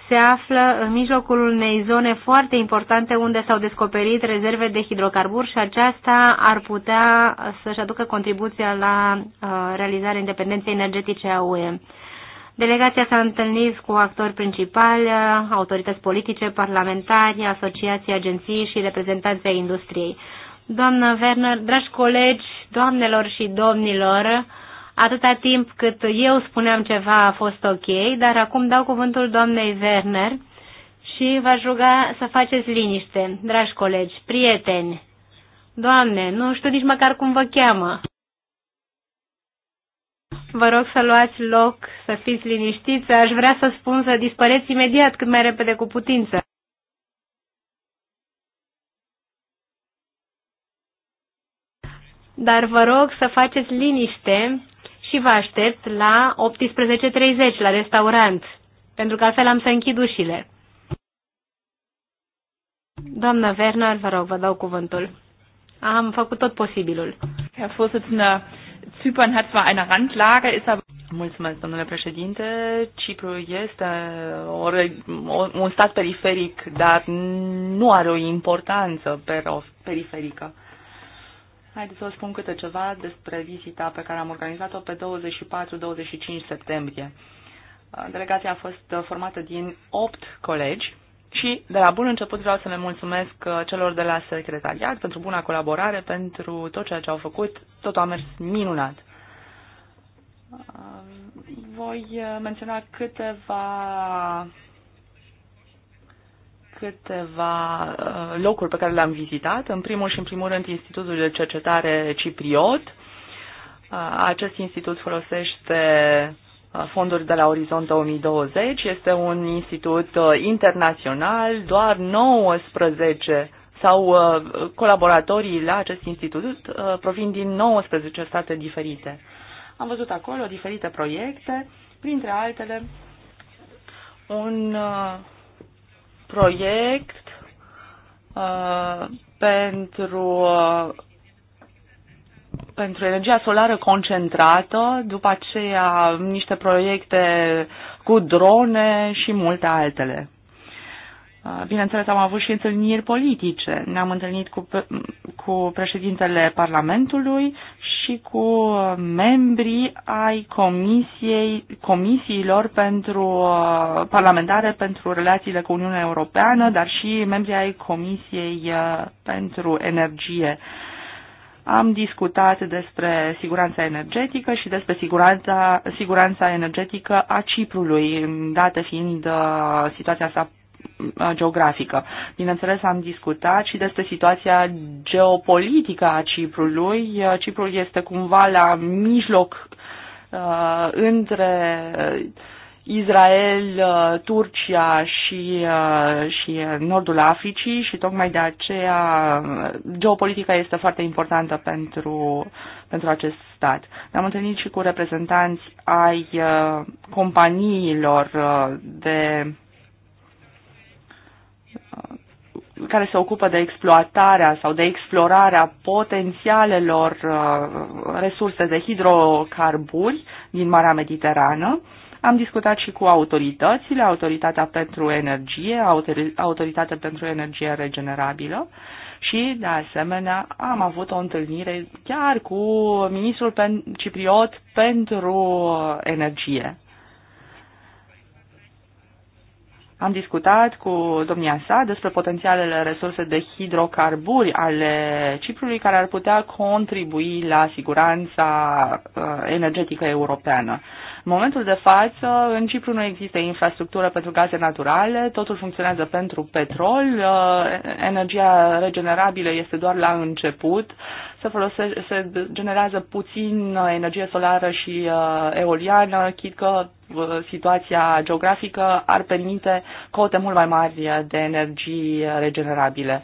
se află în mijlocul unei zone foarte importante unde s-au descoperit rezerve de hidrocarburi și aceasta ar putea să-și aducă contribuția la uh, realizarea independenței energetice a UE. Delegația s-a întâlnit cu actori principali, uh, autorități politice, parlamentari, asociații, agenții și reprezentanții industriei. Doamnă Werner, dragi colegi, doamnelor și domnilor, Atâta timp cât eu spuneam ceva a fost ok, dar acum dau cuvântul doamnei Werner și v-aș ruga să faceți liniște, dragi colegi, prieteni. Doamne, nu știu nici măcar cum vă cheamă. Vă rog să luați loc, să fiți liniștiți, aș vrea să spun să dispăreți imediat cât mai repede cu putință. Dar vă rog să faceți liniște și vă aștept la 18.30 la restaurant, pentru că altfel am să închid ușile. Doamna Werner, vă rog, vă dau cuvântul. Am făcut tot posibilul. Herr Vorsitzender, Zypern hat zwar eine Randlage, ist aber Mulțumesc, domnule președinte. Cipru este o, o, un stat periferic, dar nu are o importanță pero, periferică. Haideți să vă spun câte ceva despre vizita pe care am organizat-o pe 24-25 septembrie. Delegația a fost formată din 8 colegi și de la bun început vreau să le mulțumesc celor de la secretariat pentru buna colaborare, pentru tot ceea ce au făcut. Totul a mers minunat. Voi menționa câteva câteva uh, locuri pe care le-am vizitat. În primul și în primul rând Institutul de Cercetare Cipriot. Uh, acest institut folosește uh, fonduri de la Orizont 2020. Este un institut internațional, doar 19 sau colaboratorii la acest institut provin din 19 state diferite. Am văzut acolo diferite proiecte, printre altele un proiect uh, pentru, uh, pentru energia solară concentrată, după aceea niște proiecte cu drone și multe altele. Uh, bineînțeles, am avut și întâlniri politice. Ne-am întâlnit cu, cu președintele Parlamentului și cu membrii ai comisiei, comisiilor pentru, uh, parlamentare pentru relațiile cu Uniunea Europeană, dar și membrii ai Comisiei uh, pentru Energie. Am discutat despre siguranța energetică și despre siguranța, siguranța energetică a Ciprului, date fiind situația sa Uh, geografică. Bineînțeles, am discutat și despre situația geopolitică a Ciprului. Uh, Ciprul este cumva la mijloc uh, între Israel, uh, Turcia și, și nordul Africii și tocmai de aceea geopolitica este foarte importantă pentru, pentru acest stat. Ne-am întâlnit și cu reprezentanți ai companiilor de care se ocupă de exploatarea sau de explorarea potențialelor uh, resurse de hidrocarburi din Marea Mediterană. Am discutat și cu autoritățile, Autoritatea pentru Energie, Autoritatea pentru Energie Regenerabilă și, de asemenea, am avut o întâlnire chiar cu ministrul cipriot pentru energie. Am discutat cu domnia sa despre potențialele resurse de hidrocarburi ale Ciprului care ar putea contribui la siguranța uh, energetică europeană. În momentul de față, în Cipru nu există infrastructură pentru gaze naturale, totul funcționează pentru petrol, uh, energia regenerabilă este doar la început, se, folose, se generează puțin uh, energie solară și uh, eoliană, chit că situația geografică ar permite cote mult mai mari de energii regenerabile.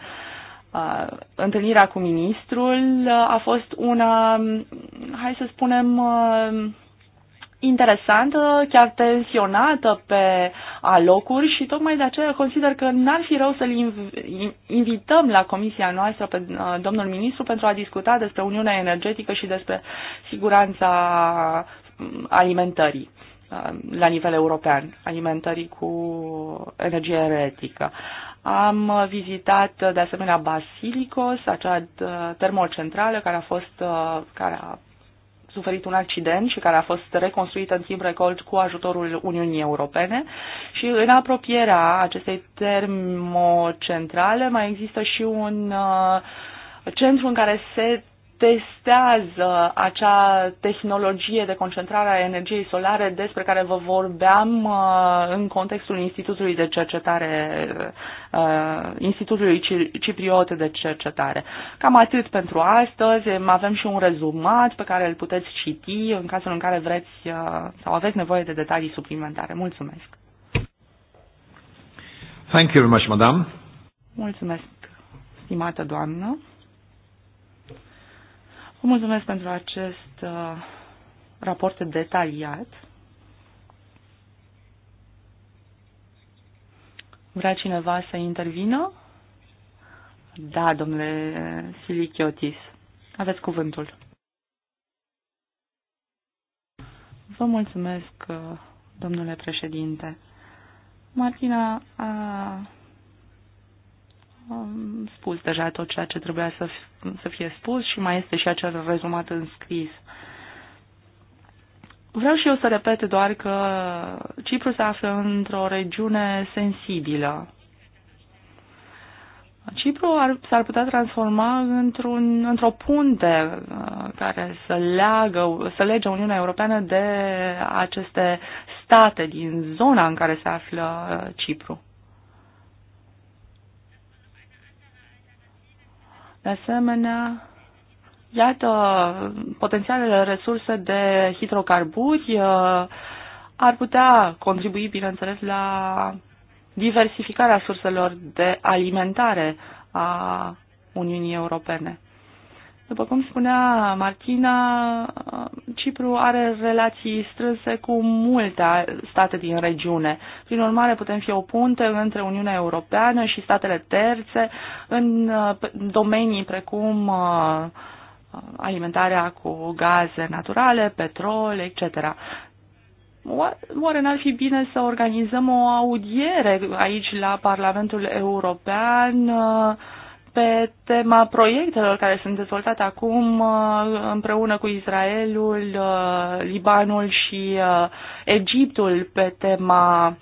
Întâlnirea cu ministrul a fost una, mm, hai să spunem, interesantă, chiar tensionată pe alocuri și tocmai de aceea consider că n-ar fi rău să-l invităm la comisia noastră pe uh, domnul ministru pentru a discuta despre Uniunea Energetică și despre siguranța mm, alimentării uh, la nivel european, alimentării cu energie eretică. Am vizitat de asemenea Basilicos, acea uh, termocentrală care a fost, care a suferit un accident și care a fost reconstruită în timp record cu ajutorul Uniunii Europene și în apropierea acestei termocentrale mai există și un uh, centru în care se testează acea tehnologie de concentrare a energiei solare despre care vă vorbeam uh, în contextul Institutului de Cercetare, uh, Institutului Cipriot de Cercetare. Cam atât pentru astăzi. Avem și un rezumat pe care îl puteți citi în cazul în care vreți uh, sau aveți nevoie de detalii suplimentare. Mulțumesc! Thank you very much, madam. Mulțumesc, stimată doamnă. Vă mulțumesc pentru acest uh, raport detaliat. Vrea cineva să intervină? Da, domnule Silichiotis, aveți cuvântul. Vă mulțumesc, uh, domnule președinte. Martina a spus deja tot ceea ce trebuia să, să fie spus și mai este și acel rezumat în scris. Vreau și eu să repet doar că Cipru se află într-o regiune sensibilă. Cipru ar, s-ar putea transforma într-un, într-o punte uh, care să, leagă, să lege Uniunea Europeană de aceste state din zona în care se află uh, Cipru. De asemenea, iată potențialele resurse de hidrocarburi uh, ar putea contribui, bineînțeles, la diversificarea surselor de alimentare a Uniunii Europene. După cum spunea Martina, Cipru are relații strânse cu multe state din regiune. Prin urmare, putem fi o punte între Uniunea Europeană și statele terțe în domenii precum uh, alimentarea cu gaze naturale, petrol, etc. Oare n-ar fi bine să organizăm o audiere aici la Parlamentul European uh, pe tema proiectelor care sunt dezvoltate acum uh, împreună cu Israelul, uh, Libanul și uh, Egiptul pe tema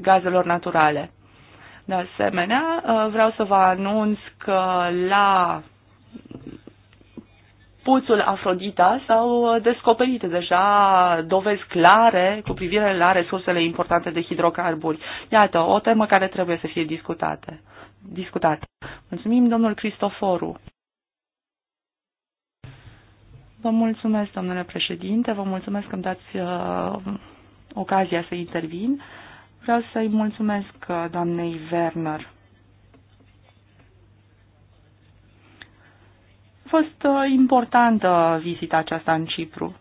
gazelor naturale. De asemenea, vreau să vă anunț că la puțul Afrodita s-au descoperit deja dovezi clare cu privire la resursele importante de hidrocarburi. Iată, o temă care trebuie să fie discutată discutat. Mulțumim, domnul Cristoforu. Vă mulțumesc, domnule președinte, vă mulțumesc că îmi dați uh, ocazia să intervin. Vreau să-i mulțumesc uh, doamnei Werner. A fost uh, importantă vizita aceasta în Cipru.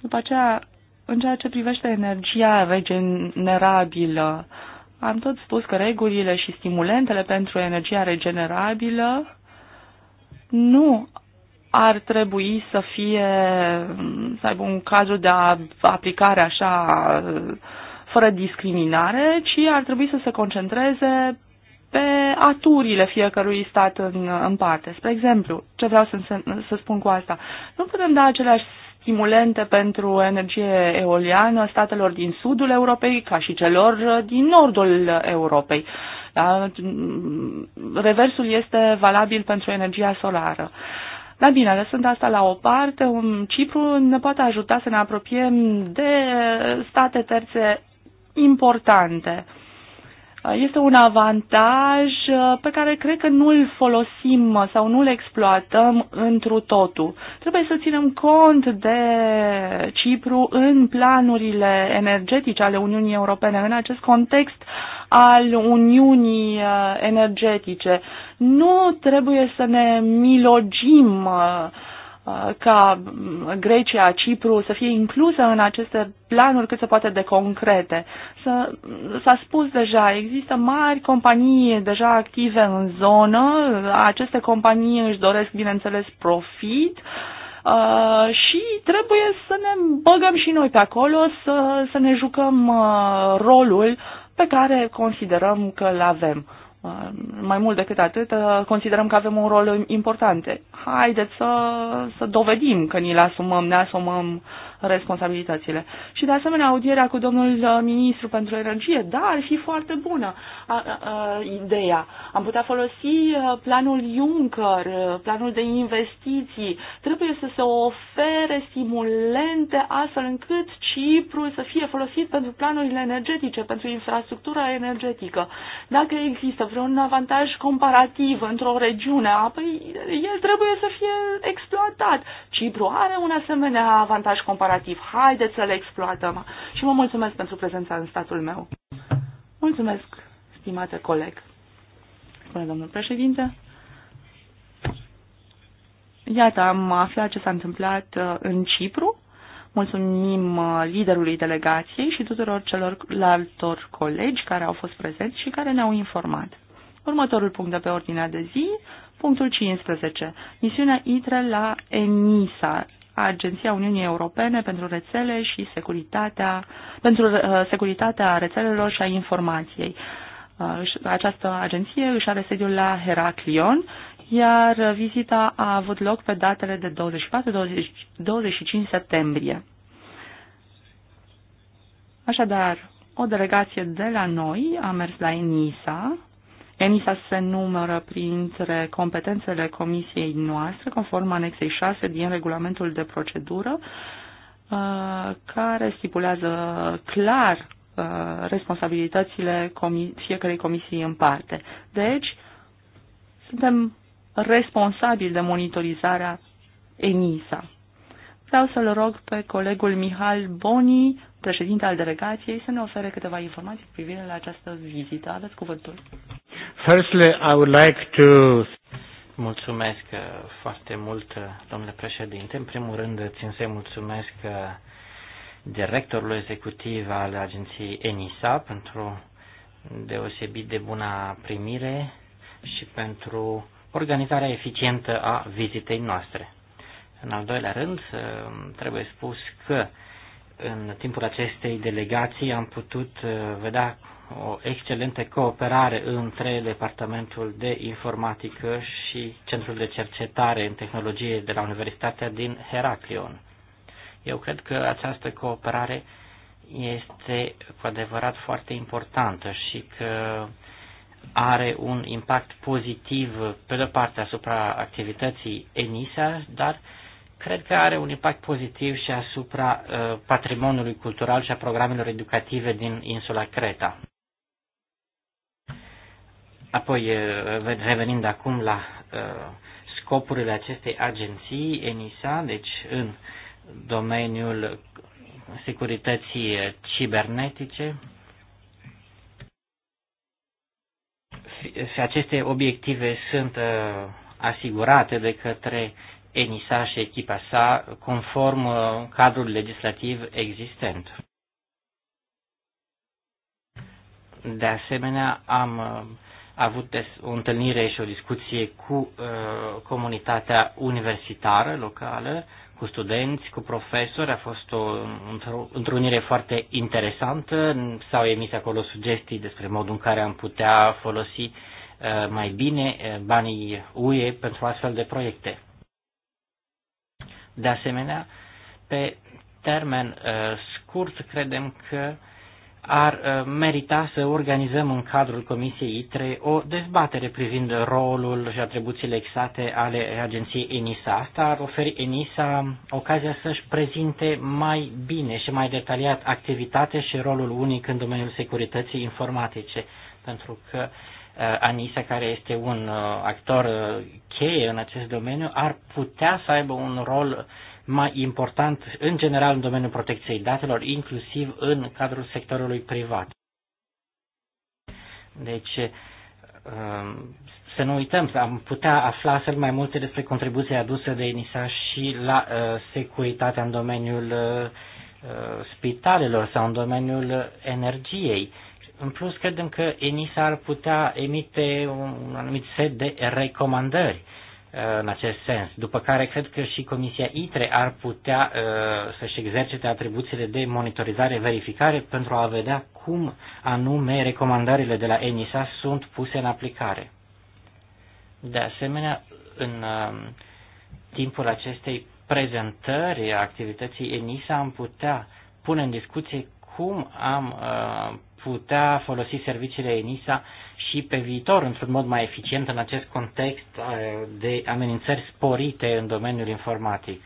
După aceea, în ceea ce privește energia regenerabilă, uh, am tot spus că regulile și stimulentele pentru energia regenerabilă nu ar trebui să fie, să aibă un cadru de aplicare așa fără discriminare, ci ar trebui să se concentreze pe aturile fiecărui stat în, în parte. Spre exemplu, ce vreau să, să spun cu asta? Nu putem da aceleași stimulente pentru energie eoliană statelor din sudul Europei ca și celor din nordul Europei. Da? Reversul este valabil pentru energia solară. Dar bine, lăsând asta la o parte, un Cipru ne poate ajuta să ne apropiem de state terțe importante. Uh, este un avantaj uh, pe care cred că nu îl folosim sau nu îl exploatăm întru totul. Trebuie să ținem cont de Cipru în planurile energetice ale Uniunii Europene, în acest context al Uniunii uh, energetice. Nu trebuie să ne milogim uh, ca Grecia, Cipru să fie inclusă în aceste planuri cât se poate de concrete. S-a spus deja, există mari companii deja active în zonă, aceste companii își doresc, bineînțeles, profit, Uh, și trebuie să ne băgăm și noi pe acolo, să, să ne jucăm uh, rolul pe care considerăm că îl avem. Ehm, mai mult decât atât, ă, considerăm că avem un rol important. Haideți să, să dovedim că ni-l asumăm, ne asumăm uh, responsabilitățile. Și de asemenea, audierea cu domnul uh, ministru pentru energie, da, ar fi foarte bună a, a, ideea. Am putea folosi uh, planul Juncker, uh, planul de investiții. Trebuie să se ofere stimulente astfel încât Cipru să fie folosit pentru planurile energetice, pentru infrastructura energetică. Dacă există vreun avantaj comparativ într-o regiune, apoi el trebuie să fie exploatat. Cipru are un asemenea avantaj comparativ comparativ. Haideți să le exploatăm. Și vă mulțumesc pentru prezența în statul meu. Mulțumesc, stimate coleg. Spune domnul președinte. Iată, am aflat ce s-a întâmplat uh, în Cipru. Mulțumim uh, liderului delegației și tuturor celorlaltor colegi care au fost prezenți și care ne-au informat. Următorul punct de pe ordinea de zi, punctul 15. Misiunea ITRE la ENISA, Agenția Uniunii Europene pentru rețele și securitatea, pentru uh, securitatea rețelelor și a informației. Uh, această agenție își are sediul la Heraclion, iar vizita a avut loc pe datele de 24-25 septembrie. Așadar, o delegație de la noi a mers la ENISA, ENISA se numără printre competențele comisiei noastre, conform anexei 6 din regulamentul de procedură, uh, care stipulează clar uh, responsabilitățile fiecarei comisii în parte. Deci, suntem responsabili de monitorizarea ENISA. Vreau să-l rog pe colegul Mihal Boni, președinte al delegației, să ne ofere câteva informații cu privire la această vizită. Aveți cuvântul. Firstly, I would like to... Mulțumesc uh, foarte mult, uh, domnule președinte. În primul rând, țin să mulțumesc uh, directorului executiv al agenției ENISA pentru deosebit de bună primire și pentru organizarea eficientă a vizitei noastre. În al doilea rând, trebuie spus că în timpul acestei delegații am putut vedea o excelentă cooperare între Departamentul de Informatică și Centrul de Cercetare în Tehnologie de la Universitatea din Heraclion. Eu cred că această cooperare este cu adevărat foarte importantă și că are un impact pozitiv pe de parte asupra activității ENISA, dar cred că are un impact pozitiv și asupra uh, patrimoniului cultural și a programelor educative din insula Creta. Apoi, eh, revenind acum la eh, scopurile acestei agenții, ENISA, deci în domeniul securității cibernetice, aceste obiective sunt eh, asigurate de către ENISA și echipa sa conform cadrul legislativ existent. De asemenea, am a avut o întâlnire și o discuție cu uh, comunitatea universitară locală, cu studenți, cu profesori. A fost o întrunire foarte interesantă. S-au emis acolo sugestii despre modul în care am putea folosi uh, mai bine uh, banii UE pentru astfel de proiecte. De asemenea, pe termen uh, scurt, credem că uh, ar uh, merita să organizăm în cadrul Comisiei ITRE o dezbatere privind rolul și atribuțiile exate ale agenției ENISA. Asta ar oferi ENISA ocazia să-și prezinte mai bine și mai detaliat activitatea și rolul unic în domeniul securității informatice, pentru că ANISA, uh, care este un uh, actor cheie în acest domeniu, ar putea să aibă un rol mai important în general în domeniul protecției datelor, inclusiv în cadrul sectorului privat. Deci, um, să nu uităm, am putea afla astfel mai multe despre contribuția adusă de ENISA și la uh, securitatea în domeniul uh, uh, spitalelor sau în domeniul energiei. În plus, credem că ENISA ar putea emite un anumit set de recomandări Uh, în acest sens. După care cred că și Comisia ITRE ar putea uh, să-și exercite atribuțiile de monitorizare, verificare pentru a vedea cum anume recomandările de la ENISA sunt puse în aplicare. De asemenea, în uh, timpul acestei prezentări a activității ENISA am putea pune în discuție cum am putea folosi serviciile ENISA uh, și pe viitor într-un mod mai eficient în acest context uh, de amenințări sporite în domeniul informatic.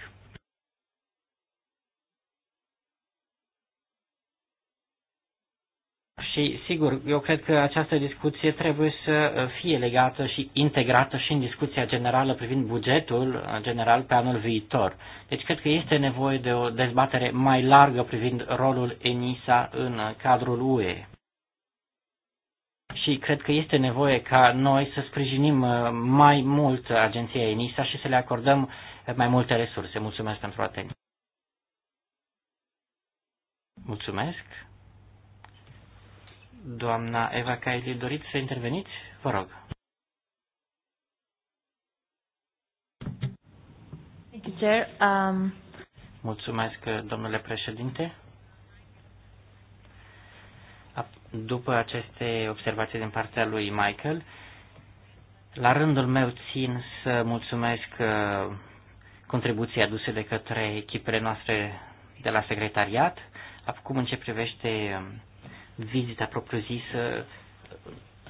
Și, sigur, eu cred că această discuție trebuie să fie legată și integrată și în discuția generală privind bugetul uh, general pe anul viitor. Deci, cred că este nevoie de o dezbatere mai largă privind rolul ENISA în uh, cadrul UE și cred că este nevoie ca noi să sprijinim uh, mai mult agenția ENISA și să le acordăm mai multe resurse. Mulțumesc pentru atenție. Mulțumesc. Doamna Eva Caili, doriți să interveniți? Vă rog. Um, Mulțumesc, domnule președinte. după aceste observații din partea lui Michael. La rândul meu țin să mulțumesc uh, contribuții aduse de către echipele noastre de la secretariat. Acum, în ce privește um, vizita propriu-zisă,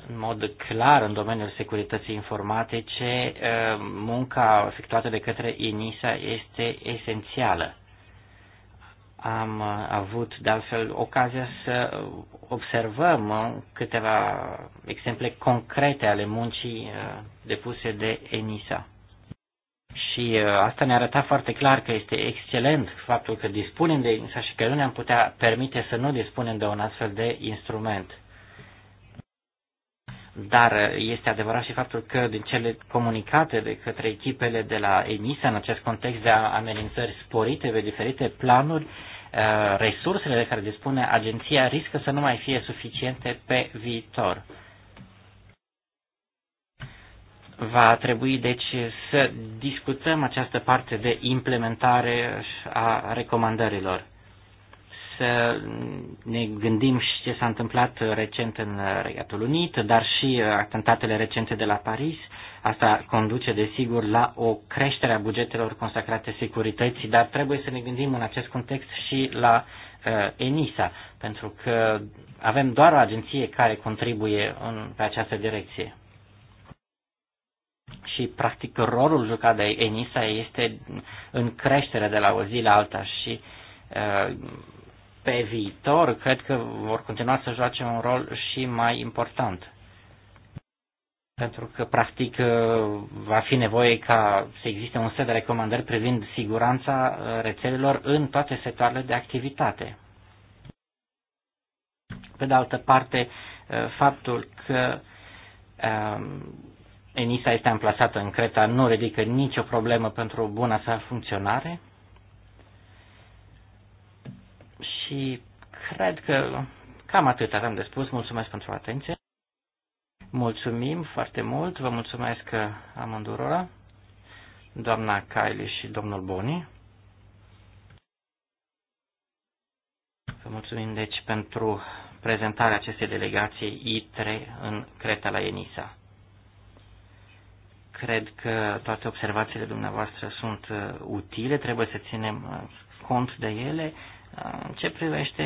în mod clar în domeniul securității informatice, uh, munca efectuată de către INISA este esențială. Am uh, avut, de altfel, ocazia să uh, observăm uh, câteva exemple concrete ale muncii depuse de ENISA. Și asta ne arăta foarte clar că este excelent faptul că dispunem de ENISA și că nu ne-am putea permite să nu dispunem de un astfel de instrument. Dar uh, este adevărat și faptul că din cele comunicate de către echipele de la ENISA în acest context de amenințări sporite pe diferite planuri, uh, resursele de care dispune agenția riscă să nu mai fie suficiente pe viitor. Va trebui deci să discutăm această parte de implementare a recomandărilor să ne gândim și ce s-a întâmplat recent în Regatul Unit, dar și atentatele recente de la Paris. Asta conduce, desigur, la o creștere a bugetelor consacrate securității, dar trebuie să ne gândim în acest context și la uh, ENISA, pentru că avem doar o agenție care contribuie în, pe această direcție. Și, practic, rolul jucat de ENISA este în creștere de la o zi la alta și uh, pe viitor cred că vor continua să joace un rol și mai important. Pentru că, practic, uh, va fi nevoie ca să existe un set de recomandări privind siguranța uh, rețelelor în toate sectoarele de activitate. Pe de altă parte, uh, faptul că um, ENISA este amplasată în Creta nu ridică nicio problemă pentru buna sa funcționare. Și cred că cam atât aveam de spus. Mulțumesc pentru atenție. Mulțumim foarte mult. Vă mulțumesc amândurora, doamna Kylie și domnul Boni. Vă mulțumim deci pentru prezentarea acestei delegații ITRE în Creta la Enisa. Cred că toate observațiile dumneavoastră sunt uh, utile, trebuie să ținem uh, cont de ele. În ce privește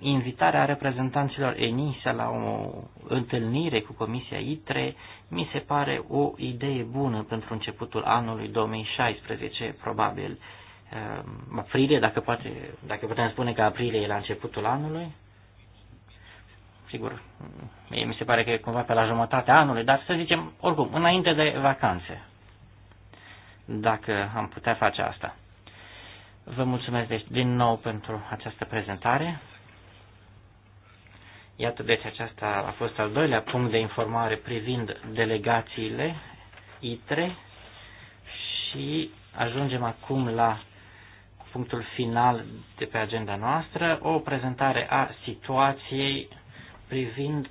invitarea reprezentanților ENISA la o întâlnire cu Comisia ITRE, mi se pare o idee bună pentru începutul anului 2016, probabil uh, aprilie, dacă, poate, dacă putem spune că aprilie e la începutul anului. Sigur, mie mi se pare că e cumva pe la jumătatea anului, dar să zicem, oricum, înainte de vacanțe, dacă am putea face asta. Vă mulțumesc deci din nou pentru această prezentare. Iată, deci aceasta a fost al doilea punct de informare privind delegațiile ITRE și ajungem acum la punctul final de pe agenda noastră, o prezentare a situației privind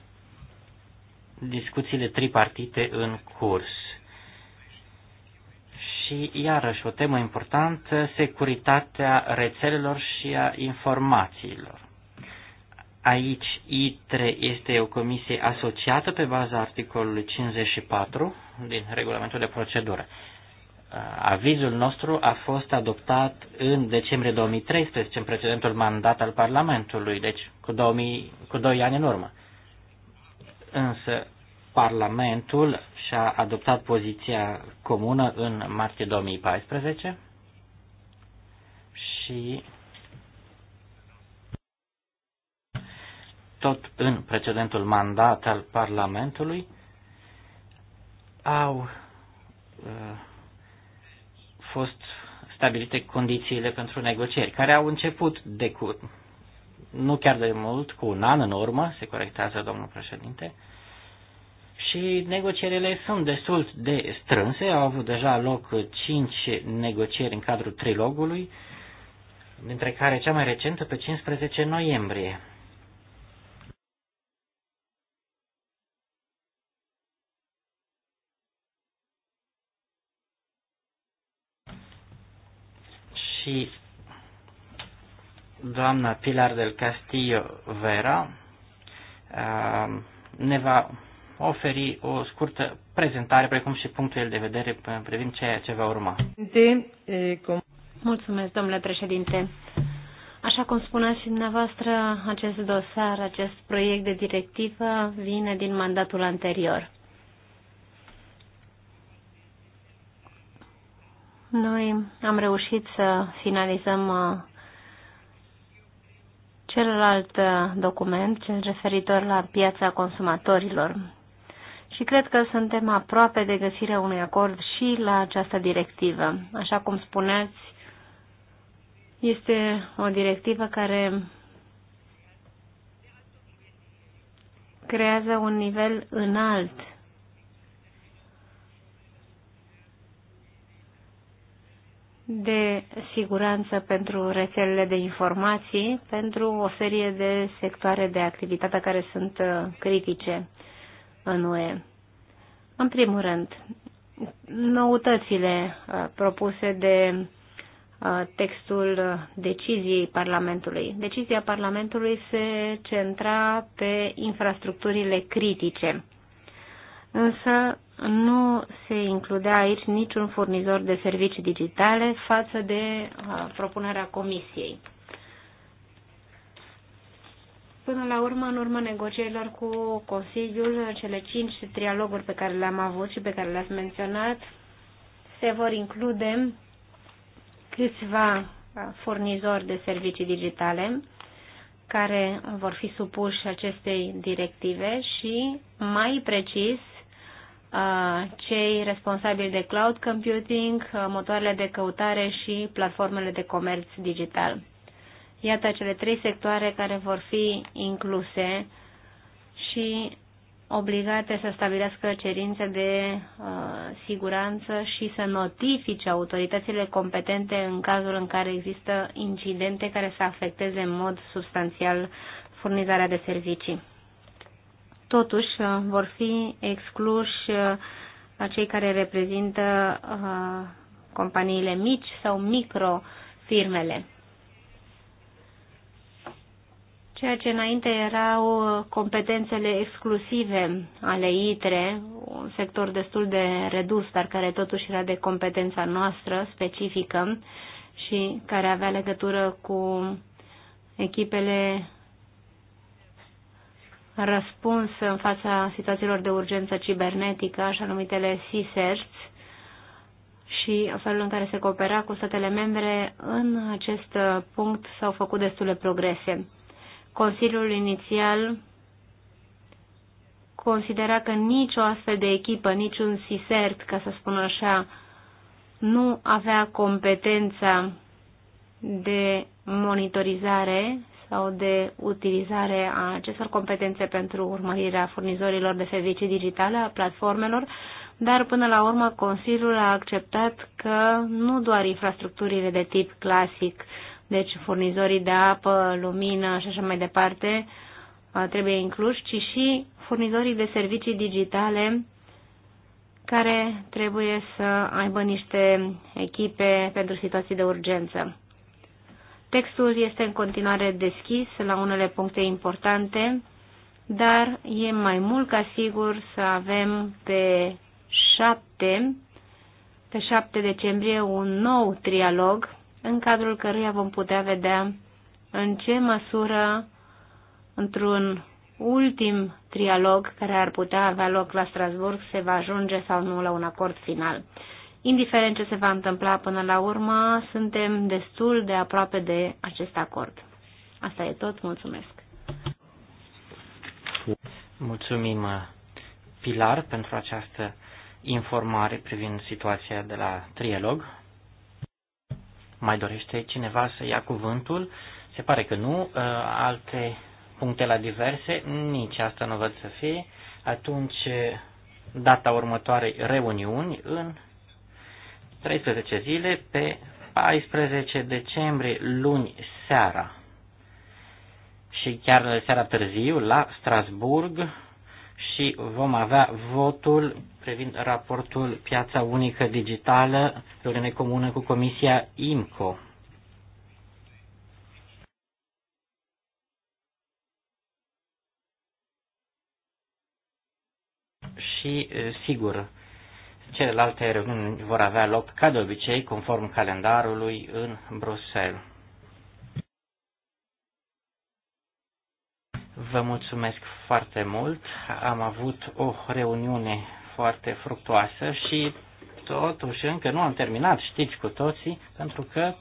discuțiile tripartite în curs și, iarăși, o temă importantă, securitatea rețelelor și a informațiilor. Aici ITRE este o comisie asociată pe baza articolului 54 din regulamentul de procedură. Avizul nostru a fost adoptat în decembrie 2013, în precedentul mandat al Parlamentului, deci cu, 2000, cu 2 ani în urmă. Însă, Parlamentul și-a adoptat poziția comună în martie 2014 și tot în precedentul mandat al Parlamentului au uh, fost stabilite condițiile pentru negocieri, care au început de cu, nu chiar de mult, cu un an în urmă, se corectează domnul președinte, uh, și negocierile sunt destul de strânse, au avut deja loc 5 negocieri în cadrul trilogului, dintre care cea mai recentă pe 15 noiembrie. Și doamna Pilar del Castillo Vera uh, ne va oferi o scurtă prezentare, precum și punctul de vedere privind ceea ce va urma. Mulțumesc, domnule președinte. Așa cum spuneați și dumneavoastră, acest dosar, acest proiect de directivă vine din mandatul anterior. Noi am reușit să finalizăm uh, celălalt uh, document, cel referitor la piața consumatorilor și cred că suntem aproape de găsirea unui acord și la această directivă. Așa cum spuneați, este o directivă care creează un nivel înalt de siguranță pentru rețelele de informații, pentru o serie de sectoare de activitate care sunt uh, critice în UE. În primul rând, noutățile uh, propuse de uh, textul deciziei Parlamentului. Decizia Parlamentului se centra pe infrastructurile critice, însă nu se includea aici niciun furnizor de servicii digitale față de uh, propunerea Comisiei. Până la urmă, în urma negocierilor cu Consiliul, cele cinci trialoguri pe care le-am avut și pe care le-ați menționat, se vor include câțiva furnizori de servicii digitale care vor fi supuși acestei directive și, mai precis, cei responsabili de cloud computing, motoarele de căutare și platformele de comerț digital. Iată cele trei sectoare care vor fi incluse și obligate să stabilească cerințe de uh, siguranță și să notifice autoritățile competente în cazul în care există incidente care să afecteze în mod substanțial furnizarea de servicii. Totuși, uh, vor fi excluși uh, cei care reprezintă uh, companiile mici sau microfirmele. Ceea ce înainte erau competențele exclusive ale ITRE, un sector destul de redus, dar care totuși era de competența noastră specifică și care avea legătură cu echipele răspuns în fața situațiilor de urgență cibernetică, așa numitele CSERT, și felul în care se coopera cu statele membre, în acest punct s-au făcut destule progrese. Consiliul inițial considera că nicio astfel de echipă, niciun SISERT, ca să spun așa, nu avea competența de monitorizare sau de utilizare a acestor competențe pentru urmărirea furnizorilor de servicii digitale, a platformelor, dar până la urmă Consiliul a acceptat că nu doar infrastructurile de tip clasic deci furnizorii de apă, lumină și așa mai departe uh, trebuie incluși, ci și furnizorii de servicii digitale care trebuie să aibă niște echipe pentru situații de urgență. Textul este în continuare deschis la unele puncte importante, dar e mai mult ca sigur să avem pe 7, pe 7 decembrie un nou trialog în cadrul căruia vom putea vedea în ce măsură, într-un ultim trialog care ar putea avea loc la Strasburg, se va ajunge sau nu la un acord final. Indiferent ce se va întâmpla până la urmă, suntem destul de aproape de acest acord. Asta e tot, mulțumesc. Mulțumim, Pilar, pentru această informare privind situația de la Trialog. Mai dorește cineva să ia cuvântul? Se pare că nu. Uh, alte puncte la diverse? Nici asta nu văd să fie. Atunci, data următoarei reuniuni în 13 zile pe 14 decembrie, luni seara. Și chiar seara târziu, la Strasburg, și vom avea votul privind raportul Piața Unică Digitală, reuniune comună cu Comisia IMCO. Și, sigur, celelalte reuniuni vor avea loc, ca de obicei, conform calendarului, în Bruxelles. Vă mulțumesc foarte mult. Am avut o reuniune foarte fructoasă și totuși încă nu am terminat, știți cu toții, pentru că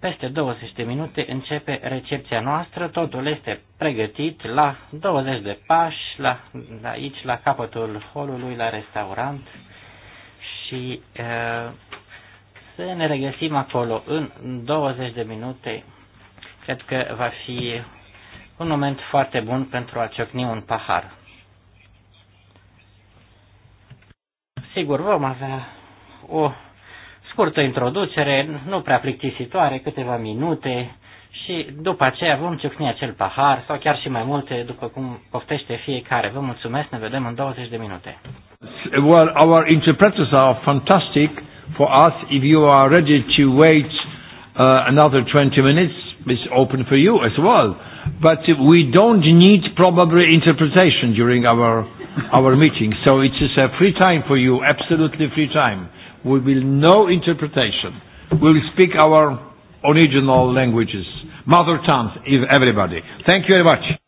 peste 20 de minute începe recepția noastră, totul este pregătit la 20 de pași, la, la aici, la capătul holului, la restaurant și uh, să ne regăsim acolo în 20 de minute. Cred că va fi un moment foarte bun pentru a ciocni un pahar. Sigur, vom avea o scurtă introducere, nu prea plictisitoare, câteva minute și după aceea vom ciocni acel pahar sau chiar și mai multe, după cum poftește fiecare. Vă mulțumesc, ne vedem în 20 de minute. Well, our interpreters are fantastic for us. If you are ready to wait uh, another 20 minutes, it's open for you as well but we don't need probably interpretation during our our meeting. So it is a free time for you, absolutely free time. We will no interpretation. We will speak our original languages, mother tongues, if everybody. Thank you very much.